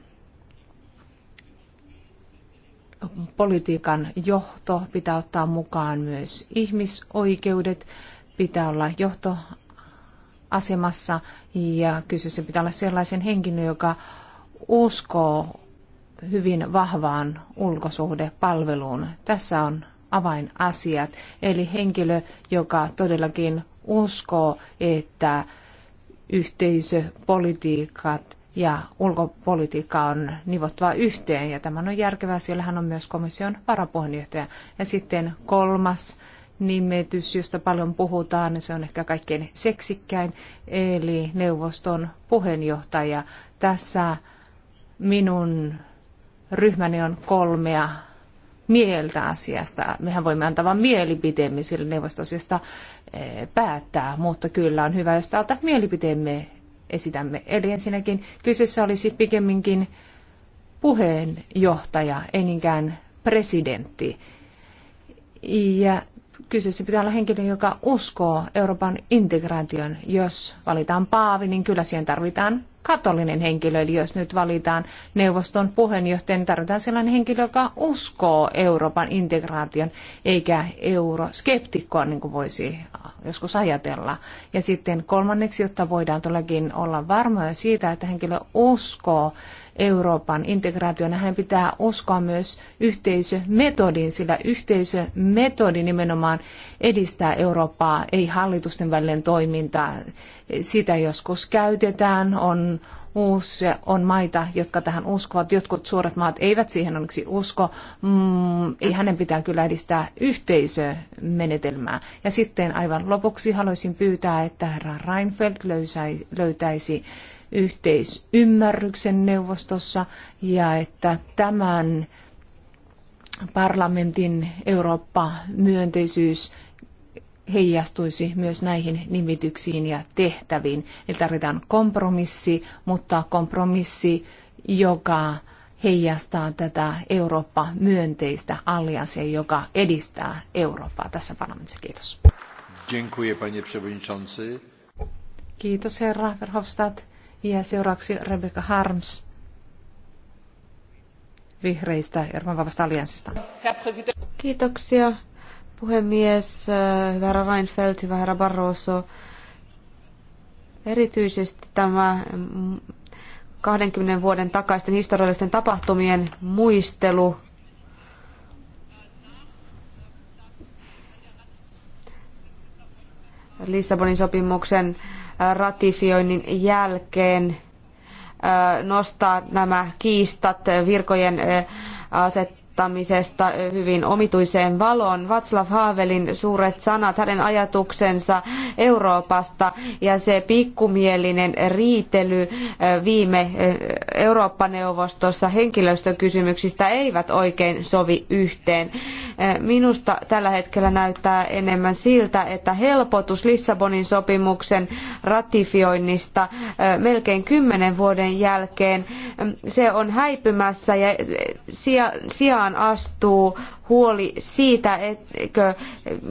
A: politiikan johto, pitää ottaa mukaan myös ihmisoikeudet, pitää olla johtoasemassa ja kyseessä pitää olla sellaisen henkilön, joka uskoo hyvin vahvaan ulkosuhdepalveluun. Tässä on avainasiat, eli henkilö, joka todellakin uskoo, että yhteisöpolitiikat ja ulkopolitiikka on nivottava yhteen ja tämä on järkevää, sillä hän on myös komission varapuheenjohtaja. Ja sitten kolmas nimitys, josta paljon puhutaan, niin se on ehkä kaikkein seksikkäin, eli neuvoston puheenjohtaja. Tässä minun ryhmäni on kolmea mieltä asiasta. Mehän voimme antaa vain mielipiteemme sille neuvostosiasta eh, päättää, mutta kyllä on hyvä, jos täältä mielipiteemme esitämme. Eli ensinnäkin kyseessä olisi pikemminkin puheenjohtaja, ei niinkään presidentti. Ja kyseessä pitää olla henkilö, joka uskoo Euroopan integraation. Jos valitaan paavi, niin kyllä siihen tarvitaan katolinen henkilö. Eli jos nyt valitaan neuvoston puheenjohtaja, niin tarvitaan sellainen henkilö, joka uskoo Euroopan integraation, eikä euroskeptikkoa, niin kuin voisi joskus ajatella. Ja sitten kolmanneksi, jotta voidaan todellakin olla varmoja siitä, että henkilö uskoo Euroopan integraation. Hän pitää uskoa myös yhteisömetodiin, sillä yhteisömetodi nimenomaan edistää Eurooppaa, ei hallitusten välinen toiminta. Sitä joskus käytetään, on uusi, on maita, jotka tähän uskovat. Jotkut suuret maat eivät siihen onneksi usko. Mm, ei hänen pitää kyllä edistää yhteisömenetelmää. Ja sitten aivan lopuksi haluaisin pyytää, että herra Reinfeldt löysäi, löytäisi yhteisymmärryksen neuvostossa ja että tämän parlamentin Eurooppa-myönteisyys heijastuisi myös näihin nimityksiin ja tehtäviin. Eli tarvitaan kompromissi, mutta kompromissi, joka heijastaa tätä Eurooppa-myönteistä allianssia, joka edistää Eurooppaa tässä parlamentissa. Kiitos.
B: Dziękuję, panie przewodniczący.
A: Kiitos, herra Verhofstadt. Ja seuraavaksi Rebecca Harms vihreistä Euroopan vapaasta allianssista.
C: Kiitoksia puhemies, hyvä herra Reinfeldt, hyvä herra Barroso. Erityisesti tämä 20 mm, vuoden takaisten historiallisten tapahtumien muistelu Lissabonin sopimuksen ratifioinnin jälkeen äh, nostaa nämä kiistat virkojen äh, aset asettamisesta hyvin omituiseen valoon. Václav Havelin suuret sanat, hänen ajatuksensa Euroopasta ja se pikkumielinen riitely eh, viime eh, Eurooppa-neuvostossa henkilöstökysymyksistä eivät oikein sovi yhteen. Eh, minusta tällä hetkellä näyttää enemmän siltä, että helpotus Lissabonin sopimuksen ratifioinnista melkein kymmenen vuoden jälkeen, se on häipymässä ja sijaan tilaan astuu huoli siitä, etkö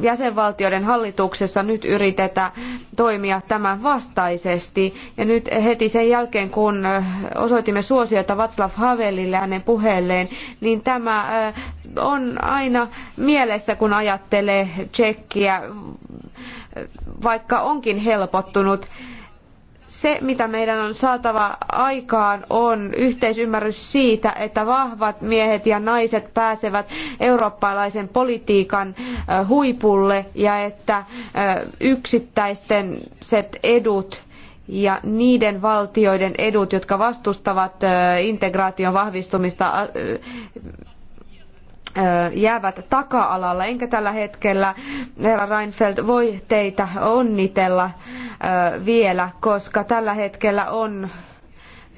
C: jäsenvaltioiden hallituksessa nyt yritetä toimia tämän vastaisesti. Ja nyt heti sen jälkeen, kun osoitimme suosiota Václav Havelille hänen puheelleen, niin tämä äh, on aina mielessä, kun ajattelee tsekkiä, vaikka onkin helpottunut se, mitä meidän on saatava aikaan, on yhteisymmärrys siitä, että vahvat miehet ja naiset pääsevät eurooppalaisen politiikan huipulle ja että yksittäisten edut ja niiden valtioiden edut, jotka vastustavat integraation vahvistumista, jäävät taka-alalla, enkä tällä hetkellä, herra Reinfeldt, voi teitä onnitella vielä, koska tällä hetkellä on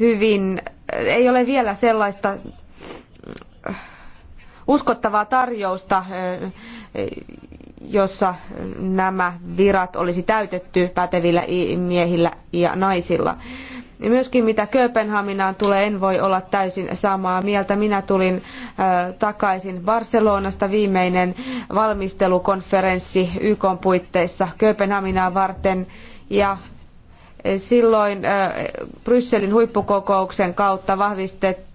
C: hyvin, ei ole vielä sellaista uskottavaa tarjousta, jossa nämä virat olisi täytetty pätevillä miehillä ja naisilla myöskin mitä Kööpenhaminaan tulee, en voi olla täysin samaa mieltä. Minä tulin takaisin Barcelonasta viimeinen valmistelukonferenssi YK puitteissa Kööpenhaminaa varten. Ja e, silloin Brysselin huippukokouksen kautta vahvistettiin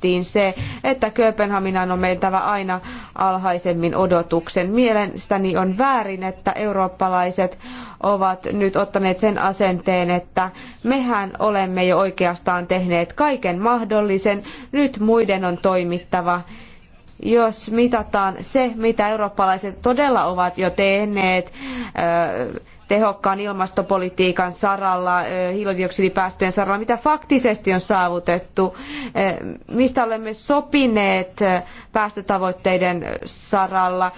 C: todettiin se, että Kööpenhaminan on mentävä aina alhaisemmin odotuksen. Mielestäni on väärin, että eurooppalaiset ovat nyt ottaneet sen asenteen, että mehän olemme jo oikeastaan tehneet kaiken mahdollisen, nyt muiden on toimittava jos mitataan se, mitä eurooppalaiset todella ovat jo tehneet tehokkaan ilmastopolitiikan saralla, hiilidioksidipäästöjen saralla, mitä faktisesti on saavutettu, mistä olemme sopineet päästötavoitteiden saralla,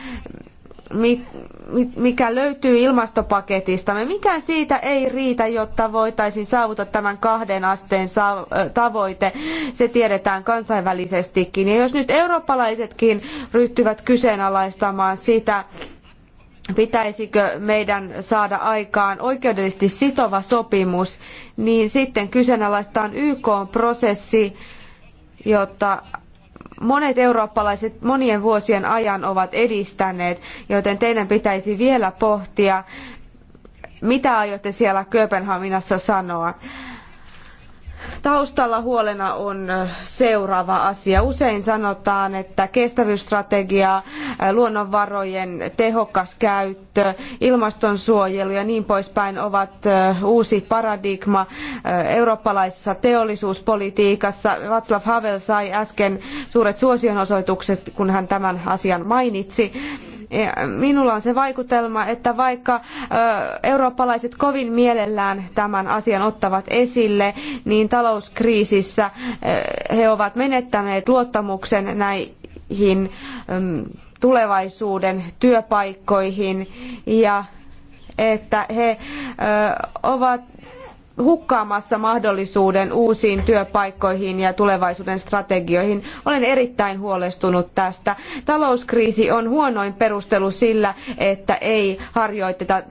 C: mikä löytyy ilmastopaketista. Me mikään siitä ei riitä, jotta voitaisiin saavuttaa tämän kahden asteen tavoite. Se tiedetään kansainvälisestikin. Ja jos nyt eurooppalaisetkin ryhtyvät kyseenalaistamaan sitä, pitäisikö meidän saada aikaan oikeudellisesti sitova sopimus, niin sitten kyseenalaistaan YK-prosessi, jota monet eurooppalaiset monien vuosien ajan ovat edistäneet, joten teidän pitäisi vielä pohtia, mitä aiotte siellä Kööpenhaminassa sanoa. Taustalla huolena on seuraava asia. Usein sanotaan, että kestävyysstrategia, luonnonvarojen tehokas käyttö, ilmastonsuojelu ja niin poispäin ovat uusi paradigma eurooppalaisessa teollisuuspolitiikassa. Václav Havel sai äsken suuret suosionosoitukset, kun hän tämän asian mainitsi. Minulla on se vaikutelma, että vaikka eurooppalaiset kovin mielellään tämän asian ottavat esille, niin talouskriisissä eh, he ovat menettäneet luottamuksen näihin mm, tulevaisuuden työpaikkoihin ja että he eh, ovat hukkaamassa mahdollisuuden uusiin työpaikkoihin ja tulevaisuuden strategioihin. Olen erittäin huolestunut tästä. Talouskriisi on huonoin perustelu sillä, että ei harjoiteta eh,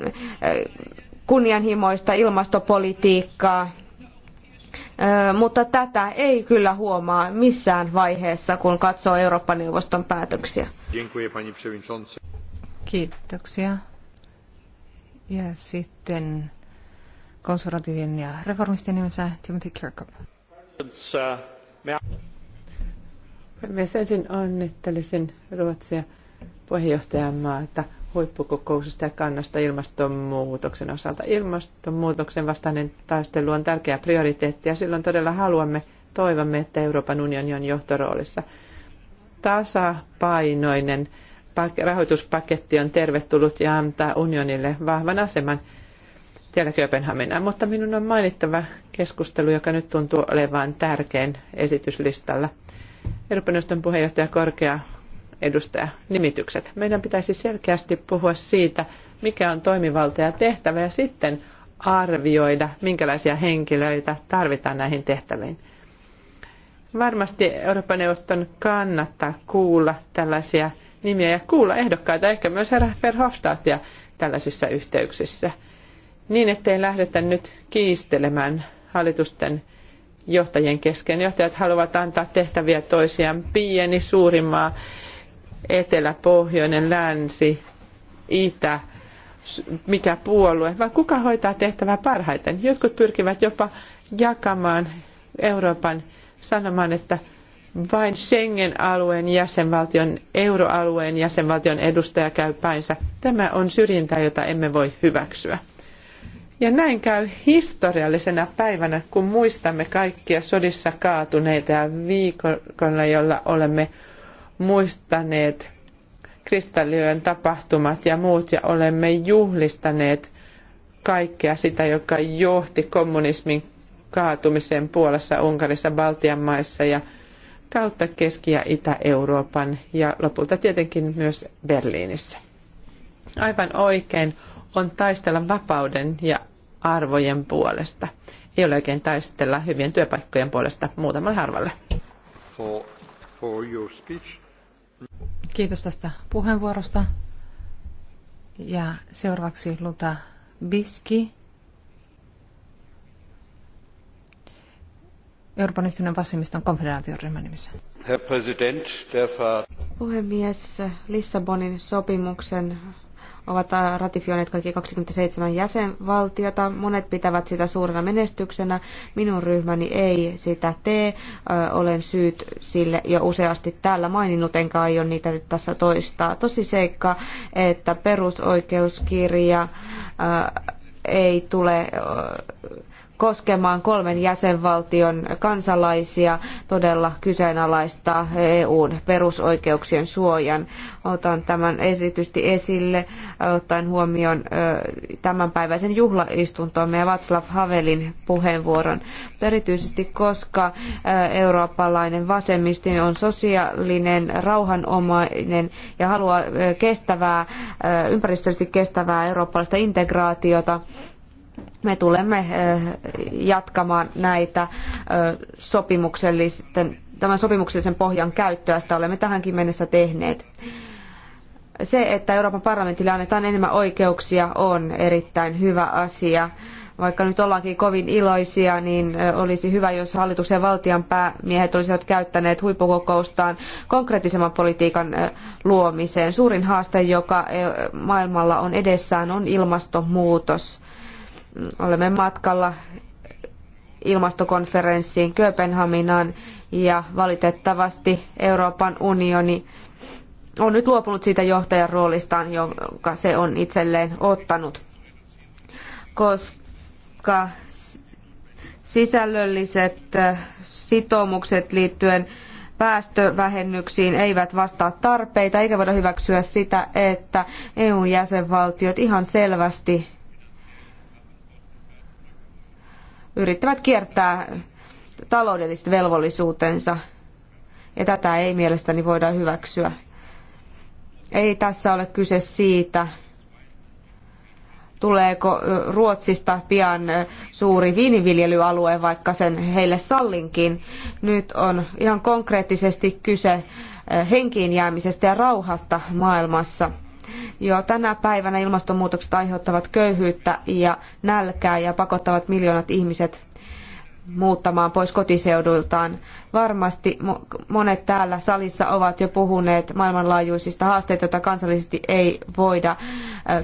C: kunnianhimoista ilmastopolitiikkaa mutta tätä ei kyllä huomaa missään vaiheessa, kun katsoo Euroopan neuvoston päätöksiä.
A: Kiitoksia. Ja sitten konservatiivien ja reformistien nimensä Timothy Kirkhope. Puhemies, ensin onnittelisin Ruotsia
B: puheenjohtajamaata huippukokouksesta ja kannasta ilmastonmuutoksen osalta. Ilmastonmuutoksen vastainen taistelu on tärkeä prioriteetti ja silloin todella haluamme, toivomme, että Euroopan unioni on johtoroolissa. Tasapainoinen rahoituspaketti on tervetullut ja antaa unionille vahvan aseman siellä Kööpenhaminaan. Mutta minun on mainittava keskustelu, joka nyt tuntuu olevan tärkein esityslistalla. Euroopan neuvoston puheenjohtaja korkea edustajanimitykset. Meidän pitäisi selkeästi puhua siitä, mikä on toimivalta ja tehtävä ja sitten arvioida, minkälaisia henkilöitä tarvitaan näihin tehtäviin. Varmasti Euroopan neuvoston kannattaa kuulla tällaisia nimiä ja kuulla ehdokkaita, ehkä myös herra Verhofstadtia tällaisissa yhteyksissä. Niin, ettei lähdetä nyt kiistelemään hallitusten johtajien kesken. Johtajat haluavat antaa tehtäviä toisiaan pieni, suurimaa, etelä, pohjoinen, länsi, itä, mikä puolue, vaan kuka hoitaa tehtävää parhaiten. Jotkut pyrkivät jopa jakamaan Euroopan sanomaan, että vain Schengen-alueen jäsenvaltion, euroalueen jäsenvaltion edustaja käy päinsä. Tämä on syrjintää, jota emme voi hyväksyä. Ja näin käy historiallisena päivänä, kun muistamme kaikkia sodissa kaatuneita ja viikolla, jolla olemme muistaneet kristalliöön tapahtumat ja muut ja olemme juhlistaneet kaikkea sitä, joka johti kommunismin kaatumiseen Puolassa, Unkarissa, Baltian maissa ja kautta Keski- ja Itä-Euroopan ja lopulta tietenkin myös Berliinissä. Aivan oikein on taistella vapauden ja arvojen puolesta. Ei ole oikein taistella hyvien työpaikkojen puolesta muutamalle harvalle. For, for your speech.
A: Kiitos tästä puheenvuorosta. Ja seuraavaksi Luta Biski. Euroopan yhteinen vasemmiston konfederaatioryhmän nimissä. Herr Puhemies, Lissabonin
C: sopimuksen ovat äh, ratifioineet kaikki 27 jäsenvaltiota. Monet pitävät sitä suurena menestyksenä. Minun ryhmäni ei sitä tee. Äh, olen syyt sille jo useasti täällä maininnut, enkä aion niitä nyt tässä toistaa. Tosi seikka, että perusoikeuskirja äh, ei tule koskemaan kolmen jäsenvaltion kansalaisia todella kyseenalaistaa EUn perusoikeuksien suojan. Otan tämän esitysti esille ottaen huomioon tämänpäiväisen juhlaistuntomme ja Václav Havelin puheenvuoron. Erityisesti koska eurooppalainen vasemmisti on sosiaalinen, rauhanomainen ja haluaa kestävää, ympäristöllisesti kestävää eurooppalaista integraatiota, me tulemme eh, jatkamaan näitä eh, sopimuksellisten, tämän sopimuksellisen pohjan käyttöä, sitä olemme tähänkin mennessä tehneet. Se, että Euroopan parlamentille annetaan enemmän oikeuksia, on erittäin hyvä asia. Vaikka nyt ollaankin kovin iloisia, niin eh, olisi hyvä, jos hallituksen ja valtion päämiehet olisivat käyttäneet huippukokoustaan konkreettisemman politiikan luomiseen. Suurin haaste, joka maailmalla on edessään, on ilmastonmuutos olemme matkalla ilmastokonferenssiin Kööpenhaminaan ja valitettavasti Euroopan unioni on nyt luopunut siitä johtajan roolistaan, jonka se on itselleen ottanut. Koska sisällölliset sitoumukset liittyen päästövähennyksiin eivät vastaa tarpeita, eikä voida hyväksyä sitä, että EU-jäsenvaltiot ihan selvästi yrittävät kiertää taloudelliset velvollisuutensa. Ja tätä ei mielestäni voida hyväksyä. Ei tässä ole kyse siitä, tuleeko Ruotsista pian suuri viiniviljelyalue, vaikka sen heille sallinkin. Nyt on ihan konkreettisesti kyse henkiin jäämisestä ja rauhasta maailmassa. Jo tänä päivänä ilmastonmuutokset aiheuttavat köyhyyttä ja nälkää ja pakottavat miljoonat ihmiset muuttamaan pois kotiseuduiltaan. Varmasti monet täällä salissa ovat jo puhuneet maailmanlaajuisista haasteista, joita kansallisesti ei voida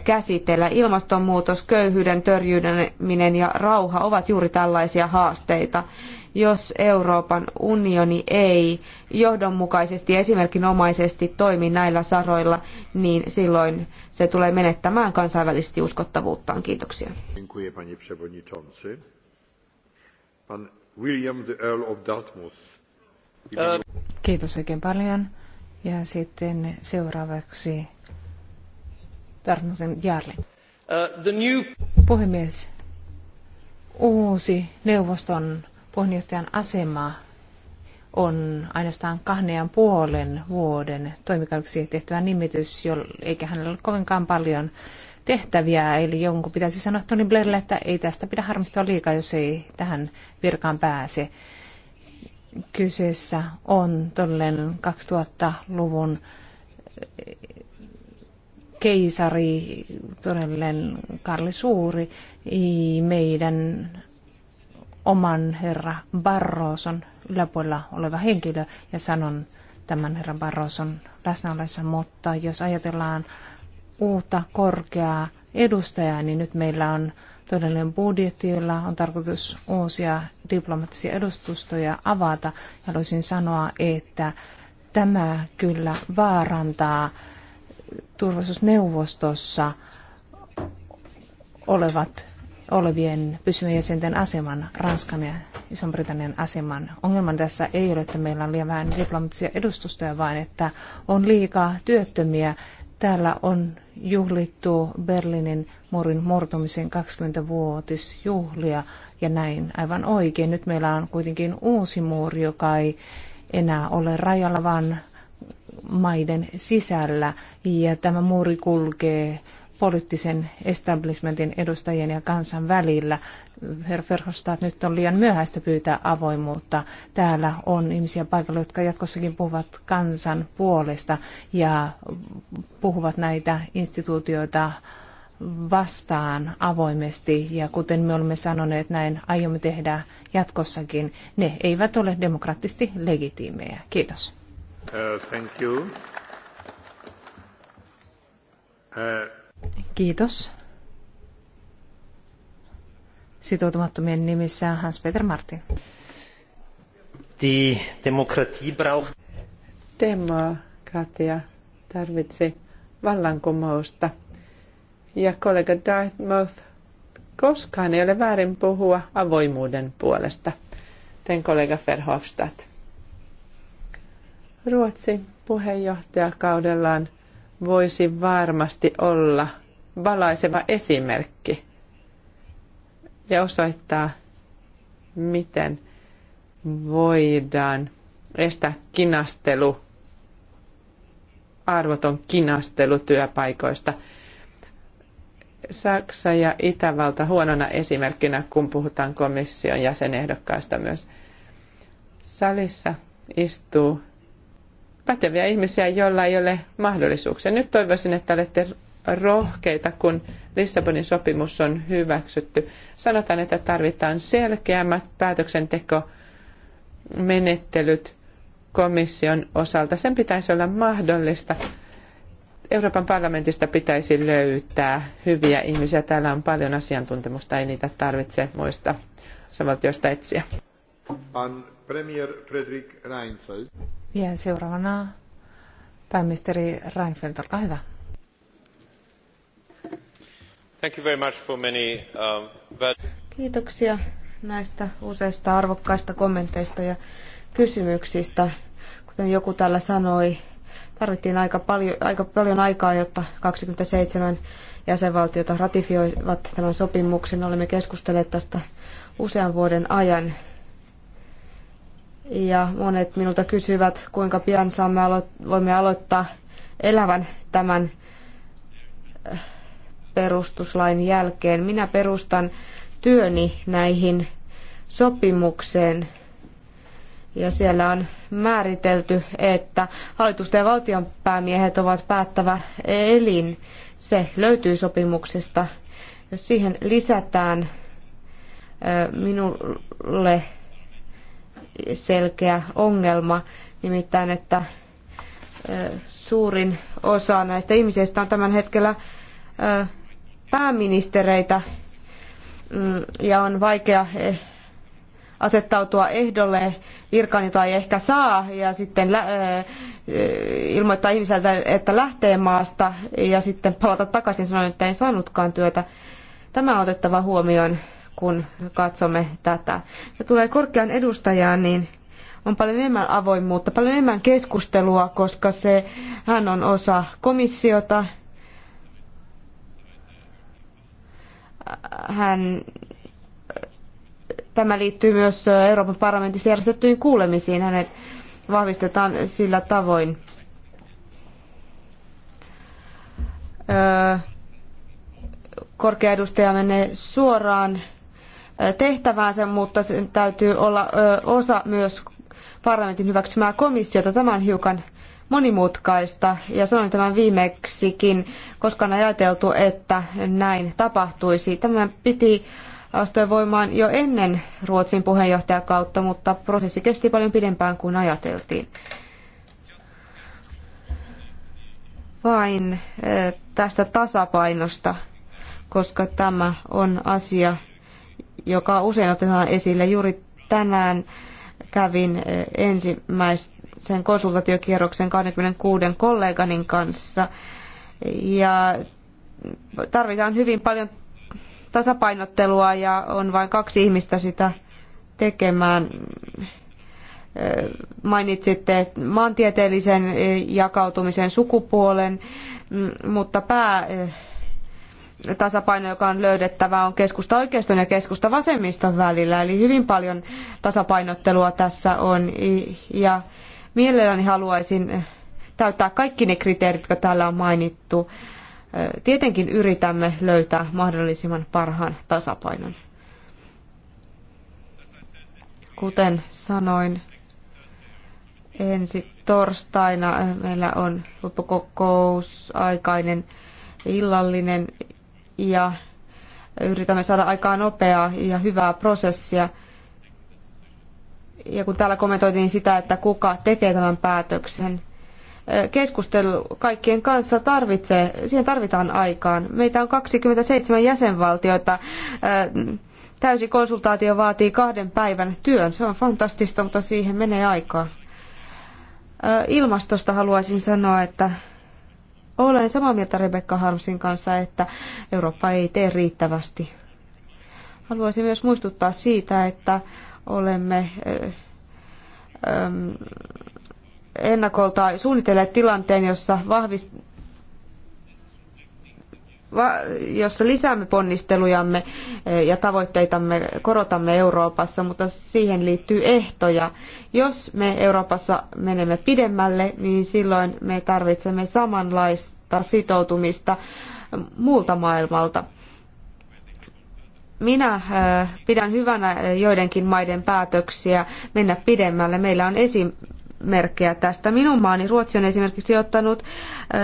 C: käsitellä. Ilmastonmuutos, köyhyyden, törjyydeminen ja rauha ovat juuri tällaisia haasteita jos Euroopan unioni ei johdonmukaisesti esimerkinomaisesti toimi näillä saroilla, niin silloin se tulee menettämään kansainvälisesti uskottavuuttaan. Kiitoksia.
A: Kiitos oikein paljon. Ja sitten seuraavaksi Tarnosen Jarlin. Uh, new... Puhemies, uusi neuvoston puheenjohtajan asema on ainoastaan kahden ja puolen vuoden toimikaudeksi tehtävä nimitys, eikä hänellä ole kovinkaan paljon tehtäviä. Eli jonkun pitäisi sanoa Tony Blairille, että ei tästä pidä harmistua liikaa, jos ei tähän virkaan pääse. Kyseessä on todellinen 2000-luvun eh, keisari, todellinen Karli Suuri, meidän oman herra Barroson yläpuolella oleva henkilö ja sanon tämän herra Barroson läsnäolessa, mutta jos ajatellaan uutta korkeaa edustajaa, niin nyt meillä on todellinen budjetti, jolla on tarkoitus uusia diplomaattisia edustustoja avata. Haluaisin sanoa, että tämä kyllä vaarantaa turvallisuusneuvostossa olevat olevien pysyvien jäsenten aseman, Ranskan ja Ison-Britannian aseman. Ongelma tässä ei ole, että meillä on liian vähän diplomaattisia edustustoja, vaan että on liikaa työttömiä. Täällä on juhlittu Berliinin murin murtumisen 20-vuotisjuhlia ja näin aivan oikein. Nyt meillä on kuitenkin uusi muuri, joka ei enää ole rajalla, vaan maiden sisällä ja tämä muuri kulkee poliittisen establishmentin edustajien ja kansan välillä. Herra Verhofstadt, nyt on liian myöhäistä pyytää avoimuutta. Täällä on ihmisiä paikalla, jotka jatkossakin puhuvat kansan puolesta ja puhuvat näitä instituutioita vastaan avoimesti ja kuten me olemme sanoneet, näin aiomme tehdä jatkossakin. Ne eivät ole demokraattisesti legitiimejä. Kiitos.
B: Uh, thank you. Uh...
A: Kiitos. Sitoutumattomien nimissä Hans-Peter Martin.
B: Die Demokratie braucht...
A: Demokratia tarvitsi
B: vallankumousta. Ja kollega Dartmouth, koskaan ei ole väärin puhua avoimuuden puolesta. Ten kollega Verhofstadt. Ruotsi puheenjohtajakaudellaan voisi varmasti olla valaiseva esimerkki ja osoittaa, miten voidaan estää kinastelu, arvoton kinastelu työpaikoista. Saksa ja Itävalta huonona esimerkkinä, kun puhutaan komission jäsenehdokkaista myös. Salissa istuu päteviä ihmisiä, joilla ei ole mahdollisuuksia. Nyt toivoisin, että olette rohkeita, kun Lissabonin sopimus on hyväksytty. Sanotaan, että tarvitaan selkeämmät päätöksentekomenettelyt komission osalta. Sen pitäisi olla mahdollista. Euroopan parlamentista pitäisi löytää hyviä ihmisiä. Täällä on paljon asiantuntemusta, ei niitä tarvitse muista osavaltioista etsiä. Pan Premier Fredrik Reinfeldt.
A: Ja seuraavana pääministeri Reinfeldt, olkaa hyvä.
B: Thank you very much for many, um, but...
C: Kiitoksia näistä useista arvokkaista kommenteista ja kysymyksistä. Kuten joku täällä sanoi, tarvittiin aika paljon, aika paljon aikaa, jotta 27 jäsenvaltiota ratifioivat tämän sopimuksen. Olemme keskustelleet tästä usean vuoden ajan ja monet minulta kysyvät, kuinka pian saamme alo- voimme aloittaa elävän tämän äh, perustuslain jälkeen. Minä perustan työni näihin sopimukseen ja siellä on määritelty, että hallitusten ja valtionpäämiehet ovat päättävä elin. Se löytyy sopimuksesta. Jos siihen lisätään äh, minulle selkeä ongelma, nimittäin että suurin osa näistä ihmisistä on tämän hetkellä pääministereitä mm, ja on vaikea e, asettautua ehdolle virkaan, jota ei ehkä saa, ja sitten ilmoittaa ihmiseltä, että lähtee maasta, ja sitten palata takaisin sanoen, että ei saanutkaan työtä. Tämä on otettava huomioon kun katsomme tätä. Ja tulee korkean edustajaan, niin on paljon enemmän avoimuutta, paljon enemmän keskustelua, koska se, hän on osa komissiota. Hän, tämä liittyy myös Euroopan parlamentissa järjestettyihin kuulemisiin. Hänet vahvistetaan sillä tavoin. Öö, korkea edustaja menee suoraan tehtäväänsä, mutta sen täytyy olla osa myös parlamentin hyväksymää komissiota. Tämä on hiukan monimutkaista ja sanoin tämän viimeksikin, koska on ajateltu, että näin tapahtuisi. Tämä piti astua voimaan jo ennen Ruotsin puheenjohtajakautta, mutta prosessi kesti paljon pidempään kuin ajateltiin. Vain tästä tasapainosta, koska tämä on asia, joka usein otetaan esille. Juuri tänään kävin eh, ensimmäisen konsultaatiokierroksen 26 kolleganin kanssa. Ja tarvitaan hyvin paljon tasapainottelua ja on vain kaksi ihmistä sitä tekemään. Eh, mainitsitte maantieteellisen eh, jakautumisen sukupuolen, mm, mutta pää tasapaino, joka on löydettävä, on keskusta oikeiston ja keskusta vasemmiston välillä. Eli hyvin paljon tasapainottelua tässä on. Ja mielelläni haluaisin täyttää kaikki ne kriteerit, jotka täällä on mainittu. Tietenkin yritämme löytää mahdollisimman parhaan tasapainon. Kuten sanoin, ensi torstaina meillä on huippukokousaikainen illallinen ja yritämme saada aikaan nopeaa ja hyvää prosessia. Ja kun täällä kommentoitiin sitä, että kuka tekee tämän päätöksen, eh, keskustelu kaikkien kanssa tarvitsee, siihen tarvitaan aikaan. Meitä on 27 jäsenvaltiota. Eh, täysi konsultaatio vaatii kahden päivän työn. Se on fantastista, mutta siihen menee aikaa. Eh, ilmastosta haluaisin sanoa, että olen samaa mieltä Rebecca Harmsin kanssa, että Eurooppa ei tee riittävästi. Haluaisin myös muistuttaa siitä, että olemme mm, ennakolta suunnitelleet tilanteen, jossa vahvist, jossa lisäämme ponnistelujamme eh, ja tavoitteitamme korotamme Euroopassa, mutta siihen liittyy ehtoja. Jos me Euroopassa menemme pidemmälle, niin silloin me tarvitsemme samanlaista sitoutumista muulta maailmalta. Minä eh, pidän hyvänä joidenkin maiden päätöksiä mennä pidemmälle. Meillä on esim merkkejä tästä. Minun maani Ruotsi on esimerkiksi ottanut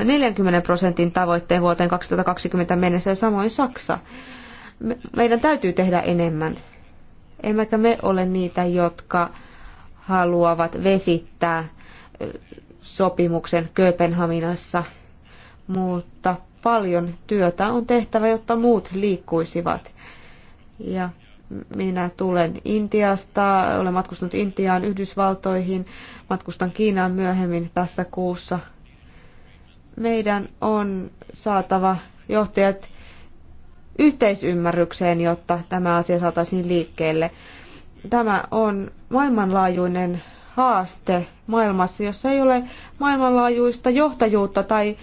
C: 40 äh, prosentin tavoitteen vuoteen 2020 mennessä ja samoin Saksa. Meidän täytyy tehdä enemmän. Emmekä me ole niitä, jotka haluavat vesittää äh, sopimuksen Kööpenhaminassa, mutta paljon työtä on tehtävä, jotta muut liikkuisivat. Ja minä tulen Intiasta, olen matkustanut Intiaan, Yhdysvaltoihin, matkustan Kiinaan myöhemmin tässä kuussa. Meidän on saatava johtajat yhteisymmärrykseen, jotta tämä asia saataisiin liikkeelle. Tämä on maailmanlaajuinen haaste maailmassa, jossa ei ole maailmanlaajuista johtajuutta tai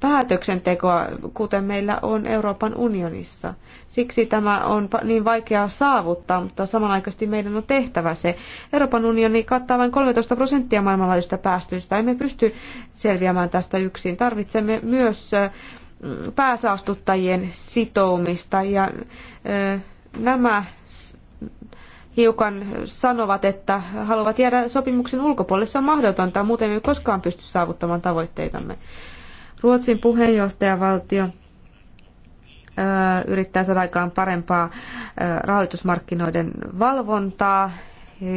C: päätöksentekoa, kuten meillä on Euroopan unionissa. Siksi tämä on niin vaikeaa saavuttaa, mutta samanaikaisesti meidän on tehtävä se. Euroopan unioni kattaa vain 13 prosenttia maailmanlaajuisista päästöistä. Emme pysty selviämään tästä yksin. Tarvitsemme myös pääsaastuttajien sitoumista ja nämä hiukan sanovat, että haluavat jäädä sopimuksen ulkopuolelle. Se on mahdotonta, muuten emme koskaan pysty saavuttamaan tavoitteitamme. Ruotsin puheenjohtajavaltio yrittää saada aikaan parempaa rahoitusmarkkinoiden valvontaa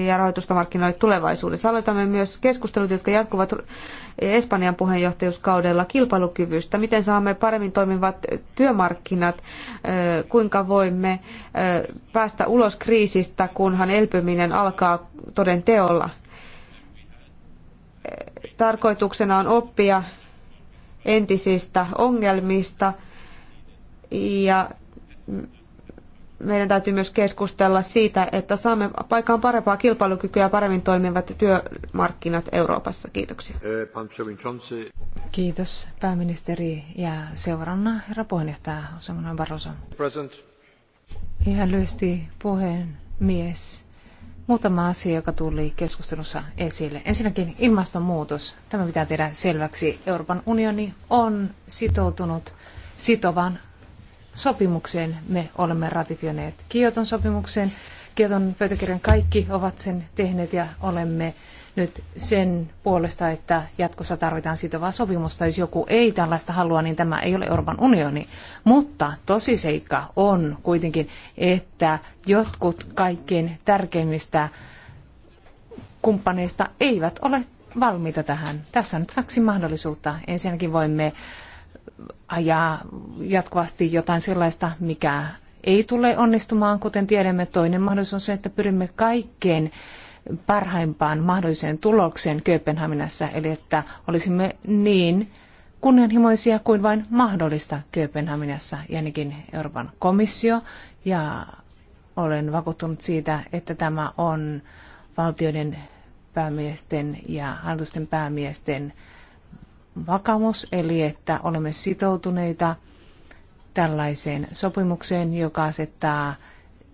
C: ja rahoitusta markkinoille tulevaisuudessa. Aloitamme myös keskustelut, jotka jatkuvat Espanjan puheenjohtajuuskaudella kilpailukyvystä. Miten saamme paremmin toimivat työmarkkinat, kuinka voimme päästä ulos kriisistä, kunhan elpyminen alkaa toden teolla. Tarkoituksena on oppia entisistä ongelmista ja meidän täytyy myös keskustella siitä, että saamme paikan parempaa kilpailukykyä ja paremmin toimivat työmarkkinat Euroopassa. Kiitoksia.
B: E,
A: Kiitos pääministeri ja seuraavana herra puheenjohtaja Osamana Barroso. Ihan lyhyesti puheenmies. Muutama asia, joka tuli keskustelussa esille. Ensinnäkin ilmastonmuutos. Tämä pitää tehdä selväksi. Euroopan unioni on sitoutunut sitovaan sopimukseen. Me olemme ratifioineet Kioton sopimuksen. Kioton pöytäkirjan kaikki ovat sen tehneet ja olemme nyt sen puolesta, että jatkossa tarvitaan sitovaa sopimusta. Jos joku ei tällaista halua, niin tämä ei ole Euroopan unioni. Mutta tosiseikka on kuitenkin, että jotkut kaikkein tärkeimmistä kumppaneista eivät ole valmiita tähän. Tässä on nyt kaksi mahdollisuutta. Ensinnäkin voimme ajaa jatkuvasti jotain sellaista, mikä ei tule onnistumaan, kuten tiedämme. Toinen mahdollisuus on se, että pyrimme kaikkeen parhaimpaan mahdolliseen tulokseen Kööpenhaminassa, eli että olisimme niin kunnianhimoisia kuin vain mahdollista Kööpenhaminassa, ja ainakin Euroopan komissio, ja olen vakuuttunut siitä, että tämä on valtioiden päämiesten ja hallitusten päämiesten äh, vakamus, eli että olemme sitoutuneita tällaiseen sopimukseen, joka asettaa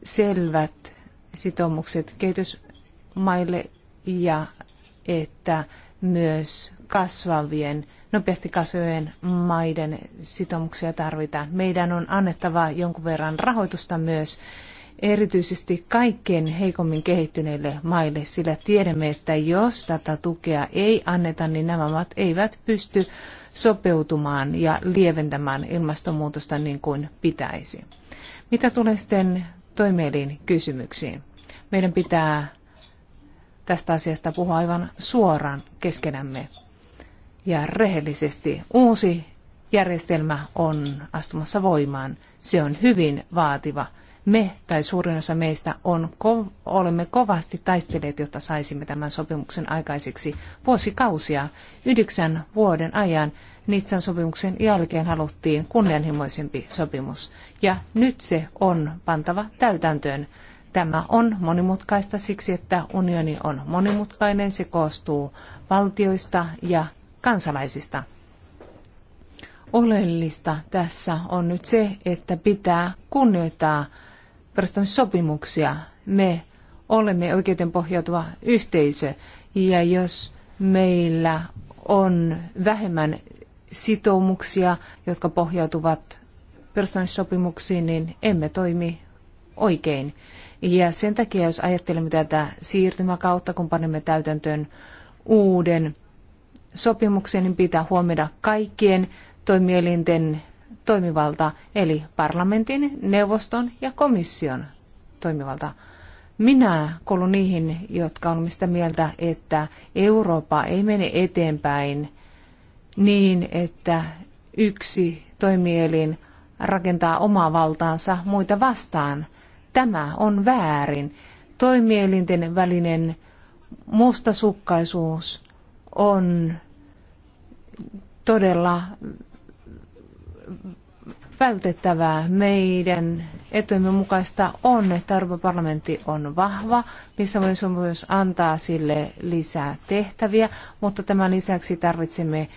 A: selvät sitoumukset kehitysmaille ja että myös kasvavien, nopeasti kasvavien maiden sitoumuksia tarvitaan. Meidän on annettava jonkun verran rahoitusta myös erityisesti kaikkein heikommin kehittyneille maille, sillä tiedämme, että jos tätä tukea ei anneta, niin nämä maat eivät pysty sopeutumaan ja lieventämään ilmastonmuutosta niin kuin pitäisi. Mitä tulee sitten toimielin kysymyksiin? Meidän pitää tästä asiasta puhua aivan suoraan keskenämme ja rehellisesti. Uusi järjestelmä on astumassa voimaan. Se on hyvin vaativa me tai suurin osa meistä on, ko- olemme kovasti taistelleet, jotta saisimme tämän sopimuksen aikaiseksi vuosikausia. Yhdeksän vuoden ajan Nitsan sopimuksen jälkeen haluttiin kunnianhimoisempi sopimus. Ja nyt se on pantava täytäntöön. Tämä on monimutkaista siksi, että unioni on monimutkainen. Se koostuu valtioista ja kansalaisista. Oleellista tässä on nyt se, että pitää kunnioittaa perustamissopimuksia. Me olemme oikeuden pohjautuva yhteisö ja jos meillä on vähemmän sitoumuksia, jotka pohjautuvat perustamissopimuksiin, niin emme toimi oikein. Ja sen takia, jos ajattelemme tätä siirtymäkautta, kun panemme täytäntöön uuden sopimuksen, niin pitää huomioida kaikkien toimielinten toimivalta, eli parlamentin, neuvoston ja komission toimivalta. Minä kuulun niihin, jotka on sitä mieltä, että Eurooppa ei mene eteenpäin niin, että yksi toimielin rakentaa omaa valtaansa muita vastaan. Tämä on väärin. Toimielinten välinen mustasukkaisuus on todella vältettävää. Meidän etujemme mukaista on, että Euroopan parlamentti on vahva. Lissabonin sopimus antaa sille lisää tehtäviä, mutta tämän lisäksi tarvitsemme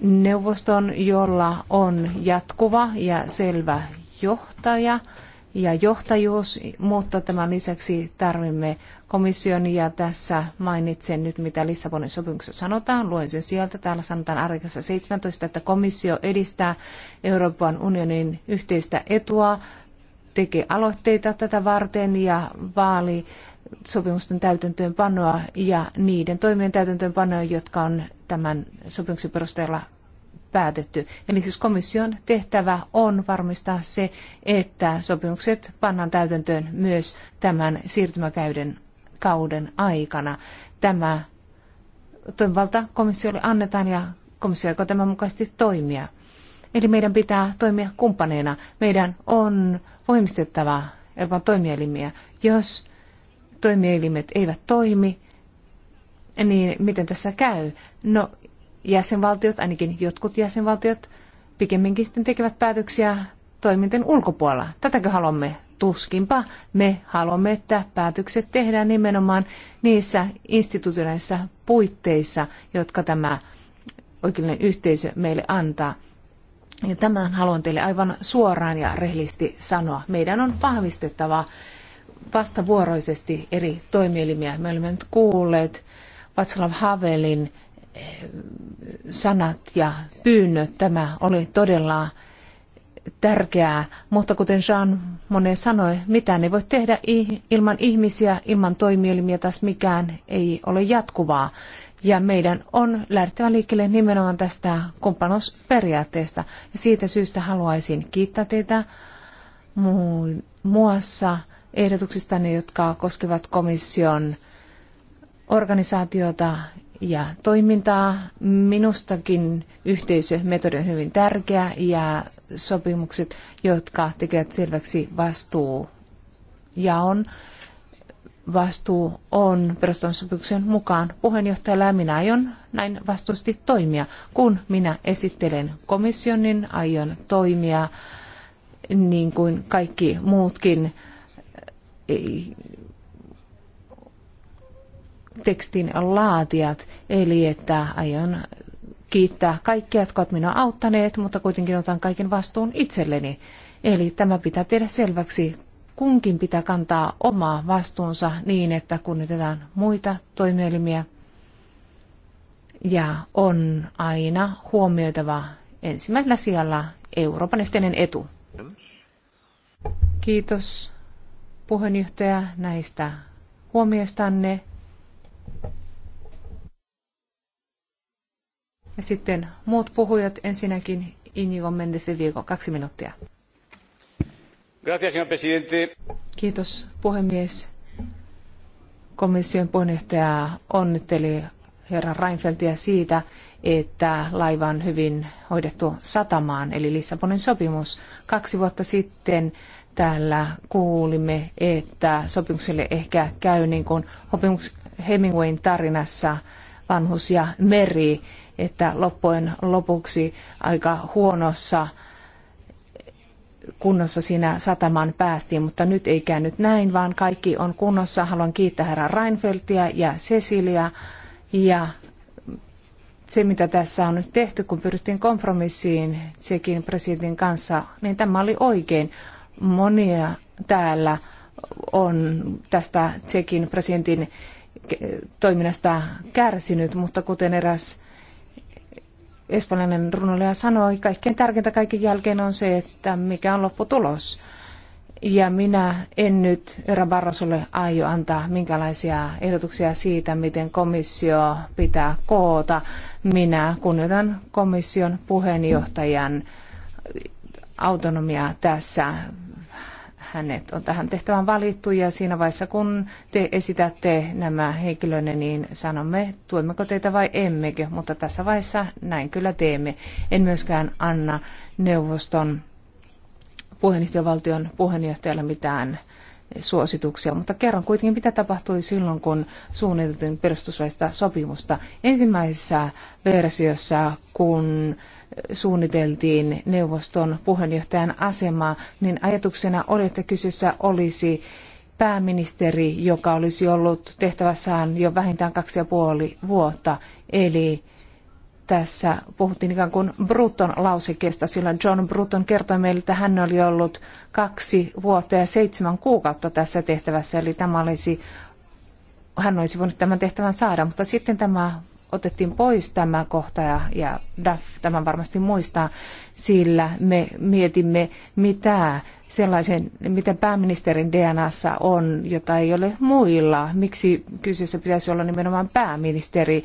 A: neuvoston, jolla on jatkuva ja selvä johtaja ja johtajuus, mutta tämän lisäksi tarvimme komission ja tässä mainitsen nyt, mitä Lissabonin sopimuksessa sanotaan. Luen sen sieltä. Täällä sanotaan artikassa 17, että komissio edistää Euroopan unionin yhteistä etua, tekee aloitteita tätä varten ja vaali sopimusten täytäntöönpanoa ja niiden toimien täytäntöönpanoa, jotka on tämän sopimuksen perusteella päätetty. Eli siis komission tehtävä on varmistaa se, että sopimukset pannaan täytäntöön myös tämän siirtymäkäyden kauden aikana. Tämä toimivalta komissiolle annetaan ja komissio aikoo tämän mukaisesti toimia. Eli meidän pitää toimia kumppaneina. Meidän on voimistettava Euroopan toimielimiä. Jos toimielimet eivät toimi, niin miten tässä käy? No, jäsenvaltiot, ainakin jotkut jäsenvaltiot, pikemminkin sitten tekevät päätöksiä toiminten ulkopuolella. Tätäkö haluamme tuskinpa me haluamme, että päätökset tehdään nimenomaan niissä instituutioissa puitteissa, jotka tämä oikeudellinen yhteisö meille antaa. Ja tämän haluan teille aivan suoraan ja rehellisesti sanoa. Meidän on vahvistettava vastavuoroisesti eri toimielimiä. Me olemme nyt kuulleet Václav Havelin eh, sanat ja pyynnöt. Tämä oli todella tärkeää, mutta kuten Jean Monet sanoi, mitään ei voi tehdä ilman ihmisiä, ilman toimielimiä taas mikään ei ole jatkuvaa. Ja meidän on lähtevä liikkeelle nimenomaan tästä kumppanuusperiaatteesta. Ja siitä syystä haluaisin kiittää teitä muun muassa ehdotuksistanne, jotka koskevat komission organisaatiota ja toimintaa. Minustakin yhteisömetodi on hyvin tärkeä ja sopimukset, jotka tekevät selväksi vastuu ja on vastuu on perustamissopimuksen mukaan puheenjohtajalla ja minä aion näin vastuusti toimia. Kun minä esittelen komission, niin aion toimia niin kuin kaikki muutkin tekstin laatijat, eli että aion kiittää kaikkia, jotka ovat minua auttaneet, mutta kuitenkin otan kaiken vastuun itselleni. Eli tämä pitää tehdä selväksi. Kunkin pitää kantaa omaa vastuunsa niin, että kunnioitetaan muita toimielimiä. Ja on aina huomioitava ensimmäisellä sijalla Euroopan yhteinen etu. Kiitos puheenjohtaja näistä huomioistanne. Ja sitten muut puhujat, ensinnäkin Inigo Mendes de Vigo, kaksi minuuttia.
B: Gracias, señor presidente.
A: Kiitos puhemies. Komission puheenjohtaja onnitteli herra Reinfeldtia siitä, että laiva on hyvin hoidettu satamaan, eli Lissabonin sopimus. Kaksi vuotta sitten täällä kuulimme, että sopimukselle ehkä käy niin kuin Hemingwayn tarinassa Vanhus ja meri, että loppujen lopuksi aika huonossa kunnossa siinä satamaan päästiin, mutta nyt ei käynyt näin, vaan kaikki on kunnossa. Haluan kiittää herra Reinfeldtia ja Cecilia ja se, mitä tässä on nyt tehty, kun pyrittiin kompromissiin Tsekin presidentin kanssa, niin tämä oli oikein. Monia täällä on tästä Tsekin presidentin toiminnasta kärsinyt, mutta kuten eräs espanjalainen runoilija sanoi, kaikkein tärkeintä kaiken jälkeen on se, että mikä on lopputulos. Ja minä en nyt Era Barrosolle aio antaa minkälaisia ehdotuksia siitä, miten komissio pitää koota. Minä kunnioitan komission puheenjohtajan autonomiaa tässä hänet on tähän tehtävään valittu ja siinä vaiheessa kun te esitätte nämä henkilönne, niin sanomme tuemmeko teitä vai emmekö, mutta tässä vaiheessa näin kyllä teemme. En myöskään anna neuvoston puheenjohtajavaltion puheenjohtajalle mitään suosituksia, mutta kerron kuitenkin, mitä tapahtui silloin, kun suunniteltiin perustuslaista sopimusta. Ensimmäisessä versiossa, kun suunniteltiin neuvoston puheenjohtajan asemaa, niin ajatuksena oli, että kyseessä olisi pääministeri, joka olisi ollut tehtävässään jo vähintään kaksi ja puoli vuotta. Eli tässä puhuttiin ikään kuin Bruton lausekesta, sillä John Bruton kertoi meille, että hän oli ollut kaksi vuotta ja seitsemän kuukautta tässä tehtävässä, eli tämä olisi hän olisi voinut tämän tehtävän saada, mutta sitten tämä otettiin pois tämä kohta ja, ja DAF tämän varmasti muistaa, sillä me mietimme, mitä, sellaisen, mitä pääministerin DNAssa on, jota ei ole muilla. Miksi kyseessä pitäisi olla nimenomaan pääministeri?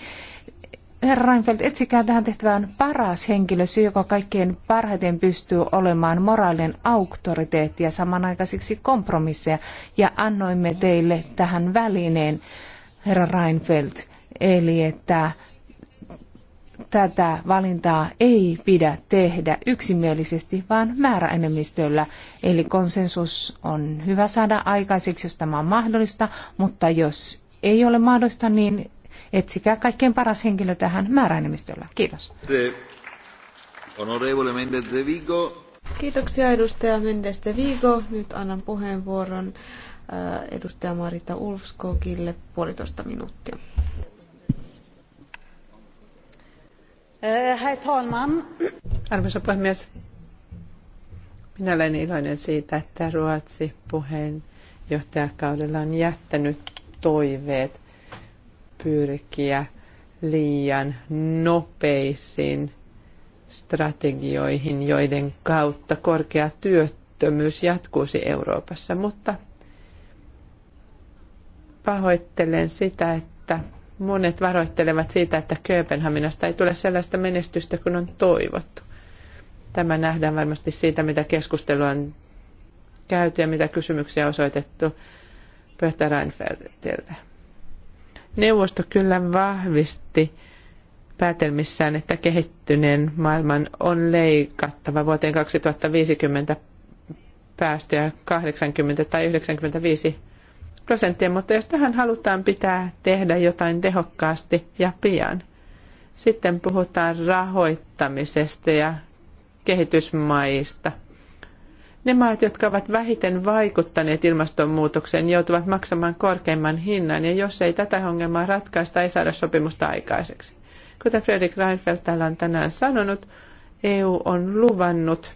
A: Herra Reinfeldt, etsikää tähän tehtävään paras henkilö, se joka kaikkein parhaiten pystyy olemaan moraalinen auktoriteetti ja samanaikaisiksi kompromisseja. Ja annoimme teille tähän välineen, herra Reinfeldt Eli että tätä valintaa ei pidä tehdä yksimielisesti, vaan määräenemmistöllä. Eli konsensus on hyvä saada aikaiseksi, jos tämä on mahdollista, mutta jos ei ole mahdollista, niin etsikää kaikkein paras henkilö tähän määräenemmistöllä. Kiitos.
C: Kiitoksia edustaja Mendes de Vigo. Nyt annan puheenvuoron edustaja Marita Ulfskogille puolitoista minuuttia. Eh,
B: Arvoisa puhemies, minä olen iloinen siitä, että Ruotsi puheenjohtajakaudella on jättänyt toiveet pyrkiä liian nopeisiin strategioihin, joiden kautta korkea työttömyys jatkuisi Euroopassa. Mutta pahoittelen sitä, että monet varoittelevat siitä, että Kööpenhaminasta ei tule sellaista menestystä kuin on toivottu. Tämä nähdään varmasti siitä, mitä keskustelua on käyty ja mitä kysymyksiä on osoitettu Pöhtä Reinfeldtiltä. Neuvosto kyllä vahvisti päätelmissään, että kehittyneen maailman on leikattava vuoteen 2050 päästöjä 80 tai 95 prosenttia, mutta jos tähän halutaan pitää tehdä jotain tehokkaasti ja pian, sitten puhutaan rahoittamisesta ja kehitysmaista. Ne maat, jotka ovat vähiten vaikuttaneet ilmastonmuutokseen, joutuvat maksamaan korkeimman hinnan, ja jos ei tätä ongelmaa ratkaista, ei saada sopimusta aikaiseksi. Kuten Fredrik Reinfeldt täällä on tänään sanonut, EU on luvannut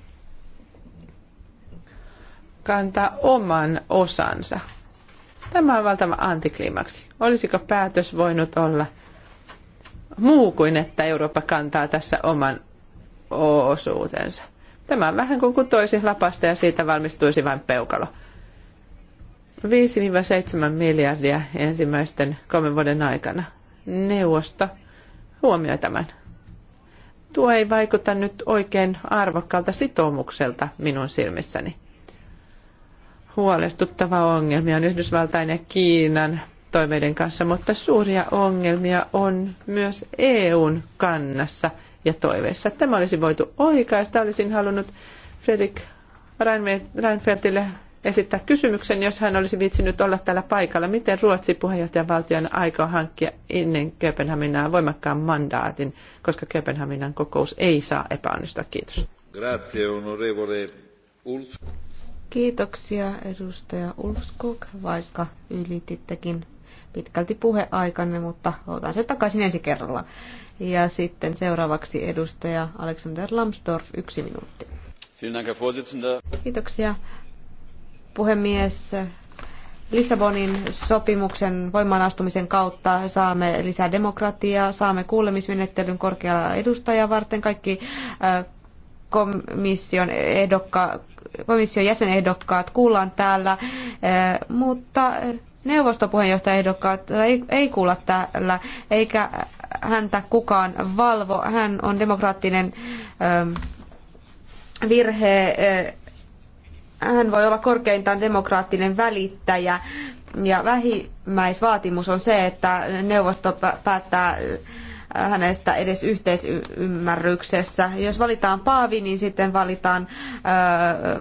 B: kantaa oman osansa. Tämä on valtava antiklimaksi. Olisiko päätös voinut olla muu kuin, että Eurooppa kantaa tässä oman osuutensa? Tämä on vähän kuin kutoisi lapasta ja siitä valmistuisi vain peukalo. 5-7 miljardia ensimmäisten kolmen vuoden aikana. Neuvosto huomioi tämän. Tuo ei vaikuta nyt oikein arvokkaalta sitoumukselta minun silmissäni huolestuttava ongelmia on Yhdysvaltain ja Kiinan toiveiden kanssa, mutta suuria ongelmia on myös EUn kannassa ja toiveissa. Tämä olisi voitu oikaista. Olisin halunnut Fredrik Reinfeldtille esittää kysymyksen, jos hän olisi viitsinyt olla täällä paikalla. Miten Ruotsi puheenjohtajavaltion aikoo hankkia ennen Kööpenhaminaa voimakkaan mandaatin, koska Kööpenhaminan kokous ei saa epäonnistua? Kiitos. Grazie, onorevole Ulf. Kiitoksia edustaja Ulfskog,
C: vaikka ylitittekin pitkälti puheaikanne, mutta otan se takaisin ensi kerralla. Ja sitten seuraavaksi edustaja Alexander Lambsdorff, yksi minuutti. Kiitoksia puhemies. Lissabonin sopimuksen voimaanastumisen kautta saamme lisää demokratiaa, saamme kuulemismenettelyn korkealla edustajaa varten. Kaikki äh, komission ehdokka, komission jäsenehdokkaat kuullaan täällä, eh, mutta neuvostopuheenjohtajaehdokkaat ei, ei kuulla täällä, eikä häntä kukaan valvo. Hän on demokraattinen eh, virhe. Eh, hän voi olla korkeintaan demokraattinen välittäjä. Ja vähimmäisvaatimus on se, että neuvosto päättää hänestä edes yhteisymmärryksessä. Jos valitaan paavi, niin sitten valitaan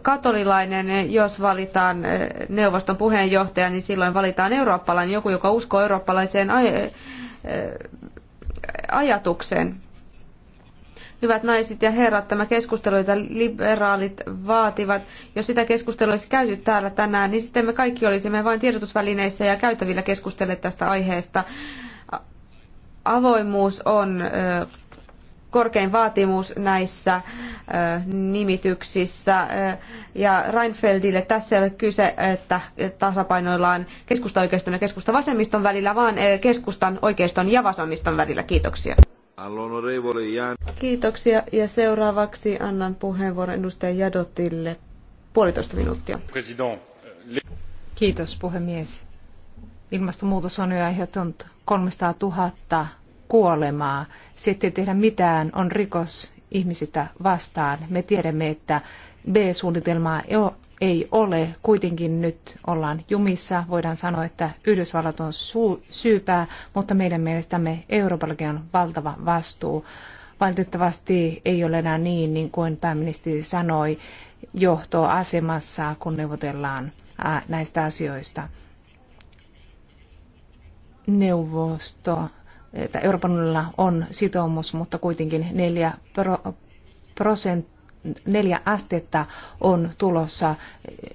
C: katolilainen. Jos valitaan neuvoston puheenjohtaja, niin silloin valitaan eurooppalainen, joku, joka uskoo eurooppalaiseen ajatukseen. Hyvät naiset ja herrat, tämä keskustelu, jota liberaalit vaativat, jos sitä keskustelua olisi käyty täällä tänään, niin sitten me kaikki olisimme vain tiedotusvälineissä ja käytävillä keskustelleet tästä aiheesta avoimuus on korkein vaatimus näissä nimityksissä. Ja Reinfeldille tässä ei ole kyse, että tasapainoillaan keskusta-oikeiston ja keskusta-vasemmiston välillä, vaan keskustan oikeiston ja vasemmiston välillä. Kiitoksia. Kiitoksia ja seuraavaksi annan puheenvuoron edustaja
A: Jadotille puolitoista minuuttia. Kiitos puhemies. Ilmastonmuutos on jo aiheuttanut 300 000 kuolemaa. Se, ettei tehdä mitään, on rikos ihmisyyttä vastaan. Me tiedämme, että B-suunnitelmaa ei ole. Kuitenkin nyt ollaan jumissa. Voidaan sanoa, että Yhdysvallat on syypää, mutta meidän mielestämme Euroopallakin on valtava vastuu. Valitettavasti ei ole enää niin, niin kuin pääministeri sanoi, johtoasemassa, kun neuvotellaan näistä asioista. Neuvosto että Euroopan unionilla on sitoumus, mutta kuitenkin neljä, pro, prosent, neljä astetta on tulossa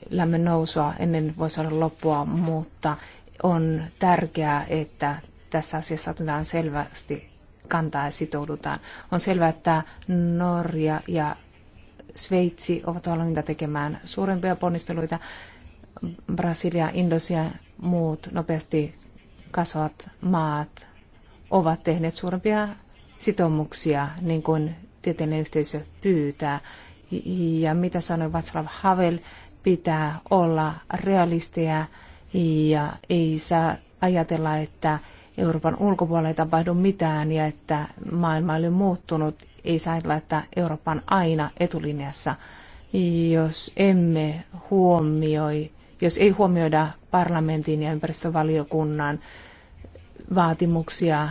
A: lämmön nousua ennen vuosisadan loppua, mutta on tärkeää, että tässä asiassa otetaan selvästi kantaa ja sitoudutaan. On selvää, että Norja ja Sveitsi ovat valmiita tekemään suurempia ponnisteluita. Brasilia, Indonesia ja muut nopeasti kasvavat maat ovat tehneet suurempia sitoumuksia, niin kuin tieteellinen yhteisö pyytää. Ja mitä sanoi Václav Havel, pitää olla realisteja ja ei saa ajatella, että Euroopan ulkopuolella ei tapahdu mitään ja että maailma oli muuttunut. Ei saa ajatella, että Eurooppa on aina etulinjassa, jos emme huomioi, jos ei huomioida parlamentin ja ympäristövaliokunnan vaatimuksia.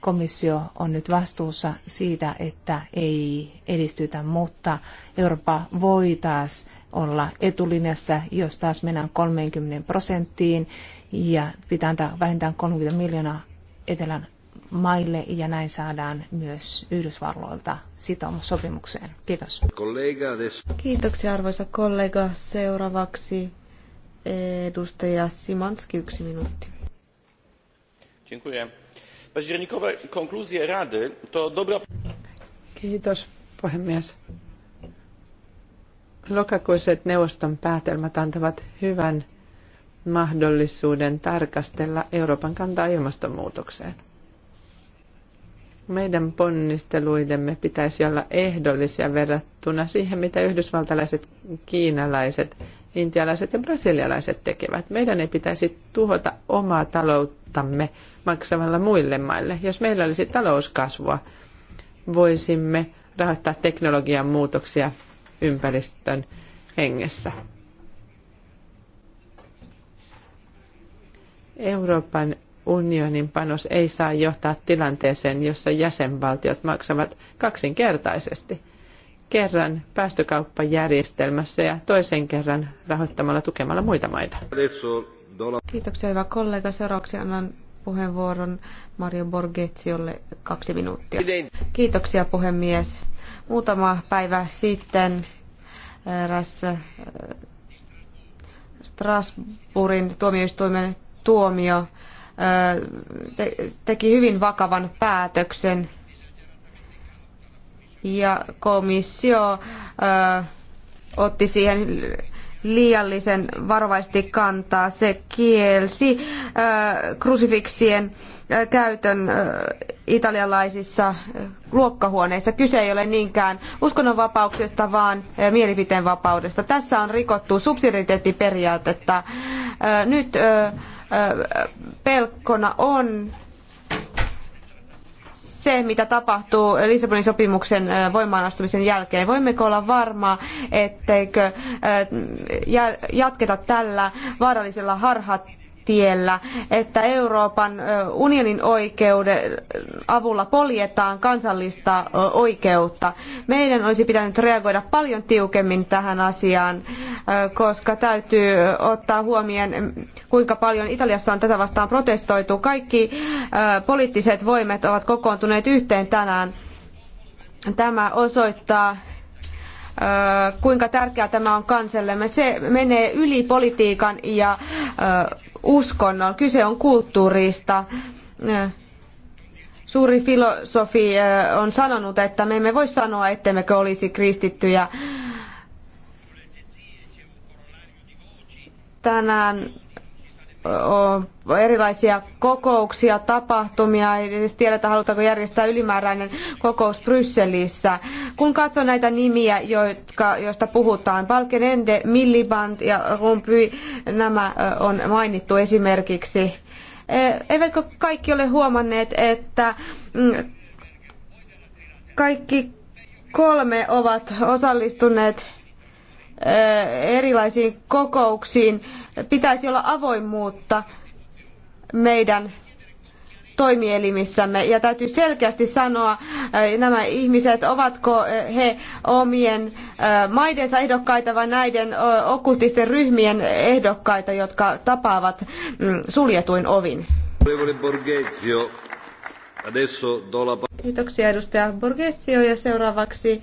A: Komissio on nyt vastuussa siitä, että ei edistytä, mutta Eurooppa voi taas olla etulinjassa, jos taas mennään 30 prosenttiin ja pitää antaa vähintään 30 miljoonaa etelän maille ja näin saadaan myös Yhdysvalloilta sitoumus sopimukseen. Kiitos. Kiitoksia arvoisa kollega. Seuraavaksi
C: Edustaja Simanski, yksi minuutti.
B: Dziękuję. Październikowe konkluzje Rady to dobra... Kiitos, puhemies. Lokakuiset neuvoston päätelmät antavat hyvän mahdollisuuden tarkastella Euroopan kantaa ilmastonmuutokseen. Meidän ponnisteluidemme pitäisi olla ehdollisia verrattuna siihen, mitä yhdysvaltalaiset, kiinalaiset intialaiset ja brasilialaiset tekevät. Meidän ei pitäisi tuhota omaa talouttamme maksamalla muille maille. Jos meillä olisi talouskasvua, voisimme rahoittaa teknologian muutoksia ympäristön hengessä. Euroopan unionin panos ei saa johtaa tilanteeseen, jossa jäsenvaltiot maksavat kaksinkertaisesti – kerran päästökauppajärjestelmässä ja toisen kerran rahoittamalla tukemalla muita maita. Kiitoksia hyvä kollega. Seuraavaksi annan puheenvuoron
C: Mario Borgetsiolle kaksi minuuttia. Kiitoksia puhemies. Muutama päivä sitten eh, eräs eh, Strasbourgin tuomioistuimen tuomio eh, teki hyvin vakavan päätöksen ja komissio otti siihen liiallisen varovaisesti kantaa. Se kielsi krusifiksien käytön italialaisissa luokkahuoneissa. Kyse ei ole niinkään uskonnonvapauksesta, vaan mielipiteenvapaudesta. Tässä on rikottu subsidiariteettiperiaatetta. Nyt pelkkona on se, mitä tapahtuu Lissabonin sopimuksen voimaanastumisen jälkeen. Voimmeko olla varma, etteikö jatketa tällä vaarallisella harhat tiellä, että Euroopan unionin oikeuden avulla poljetaan kansallista oikeutta. Meidän olisi pitänyt reagoida paljon tiukemmin tähän asiaan, koska täytyy ottaa huomioon, kuinka paljon Italiassa on tätä vastaan protestoitu. Kaikki poliittiset voimat ovat kokoontuneet yhteen tänään. Tämä osoittaa kuinka tärkeää tämä on kansallemme. Se menee yli politiikan ja uskonnon, kyse on kulttuurista. Suuri filosofi eh, on sanonut, että me emme voi sanoa, ettemmekö olisi kristittyjä. Tänään erilaisia kokouksia, tapahtumia, ei edes tiedetä halutaanko järjestää ylimääräinen kokous Brysselissä. Kun katson näitä nimiä, jotka, joista puhutaan, Balkenende, Milliband ja Rumpuy, nämä on mainittu esimerkiksi. E, eivätkö kaikki ole huomanneet, että mm, kaikki kolme ovat osallistuneet erilaisiin kokouksiin. Pitäisi olla avoimuutta meidän toimielimissämme ja täytyy selkeästi sanoa nämä ihmiset, ovatko he omien maidensa ehdokkaita vai näiden okkultisten ryhmien ehdokkaita, jotka tapaavat mm, suljetuin ovin. Kiitoksia edustaja Borgezio ja seuraavaksi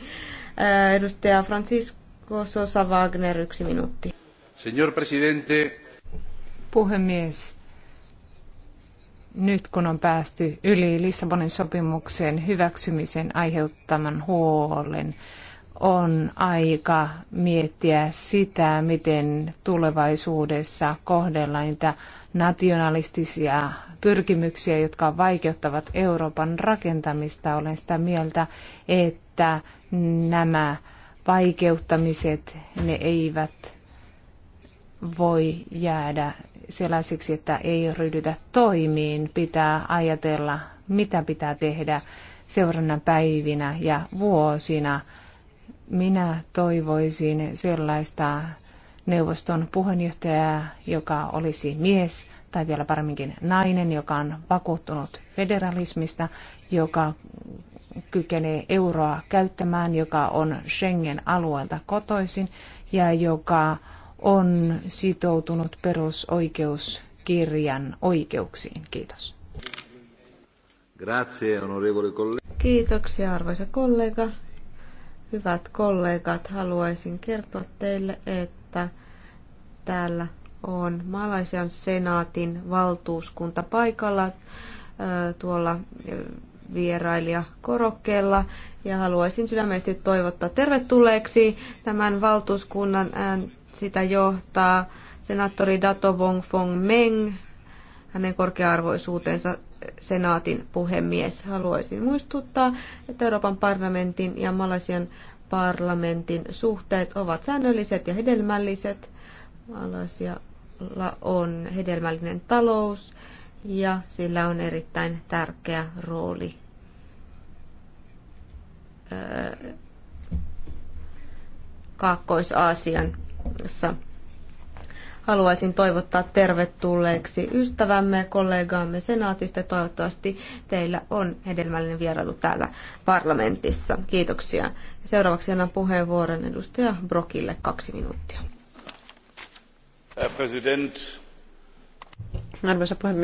C: edustaja Francisco Kososa Wagner, yksi minuutti.
B: Señor presidente.
A: Puhemies, nyt kun on päästy yli Lissabonin sopimuksen hyväksymisen aiheuttaman huolen, on aika miettiä sitä, miten tulevaisuudessa kohdellaan niitä nationalistisia pyrkimyksiä, jotka vaikeuttavat Euroopan rakentamista. Olen sitä mieltä, että nämä vaikeuttamiset, ne eivät voi jäädä sellaisiksi, että ei ryhdytä toimiin. Pitää ajatella, mitä pitää tehdä seurannan päivinä ja vuosina. Minä toivoisin sellaista neuvoston puheenjohtajaa, joka olisi mies tai vielä paremminkin nainen, joka on vakuuttunut federalismista, joka kykenee euroa käyttämään, joka on Schengen-alueelta kotoisin ja joka on sitoutunut perusoikeuskirjan oikeuksiin. Kiitos. Kiitoksia arvoisa kollega.
C: Hyvät kollegat, haluaisin kertoa teille, että täällä on Malaisian senaatin valtuuskunta paikalla tuolla vierailija korokkeella ja haluaisin sydämellisesti toivottaa tervetulleeksi tämän valtuuskunnan ään sitä johtaa senaattori Dato Wong Fong Meng, hänen korkearvoisuutensa senaatin puhemies. Haluaisin muistuttaa, että Euroopan parlamentin ja Malasian parlamentin suhteet ovat säännölliset ja hedelmälliset. Malasialla on hedelmällinen talous ja sillä on erittäin tärkeä rooli Kaakkois-Aasiassa. Haluaisin toivottaa tervetulleeksi ystävämme, kollegaamme senaatista. Toivottavasti teillä on hedelmällinen vierailu täällä parlamentissa. Kiitoksia. Seuraavaksi annan puheenvuoron edustaja Brokille kaksi minuuttia. Herr President. Arvoisa puhemies,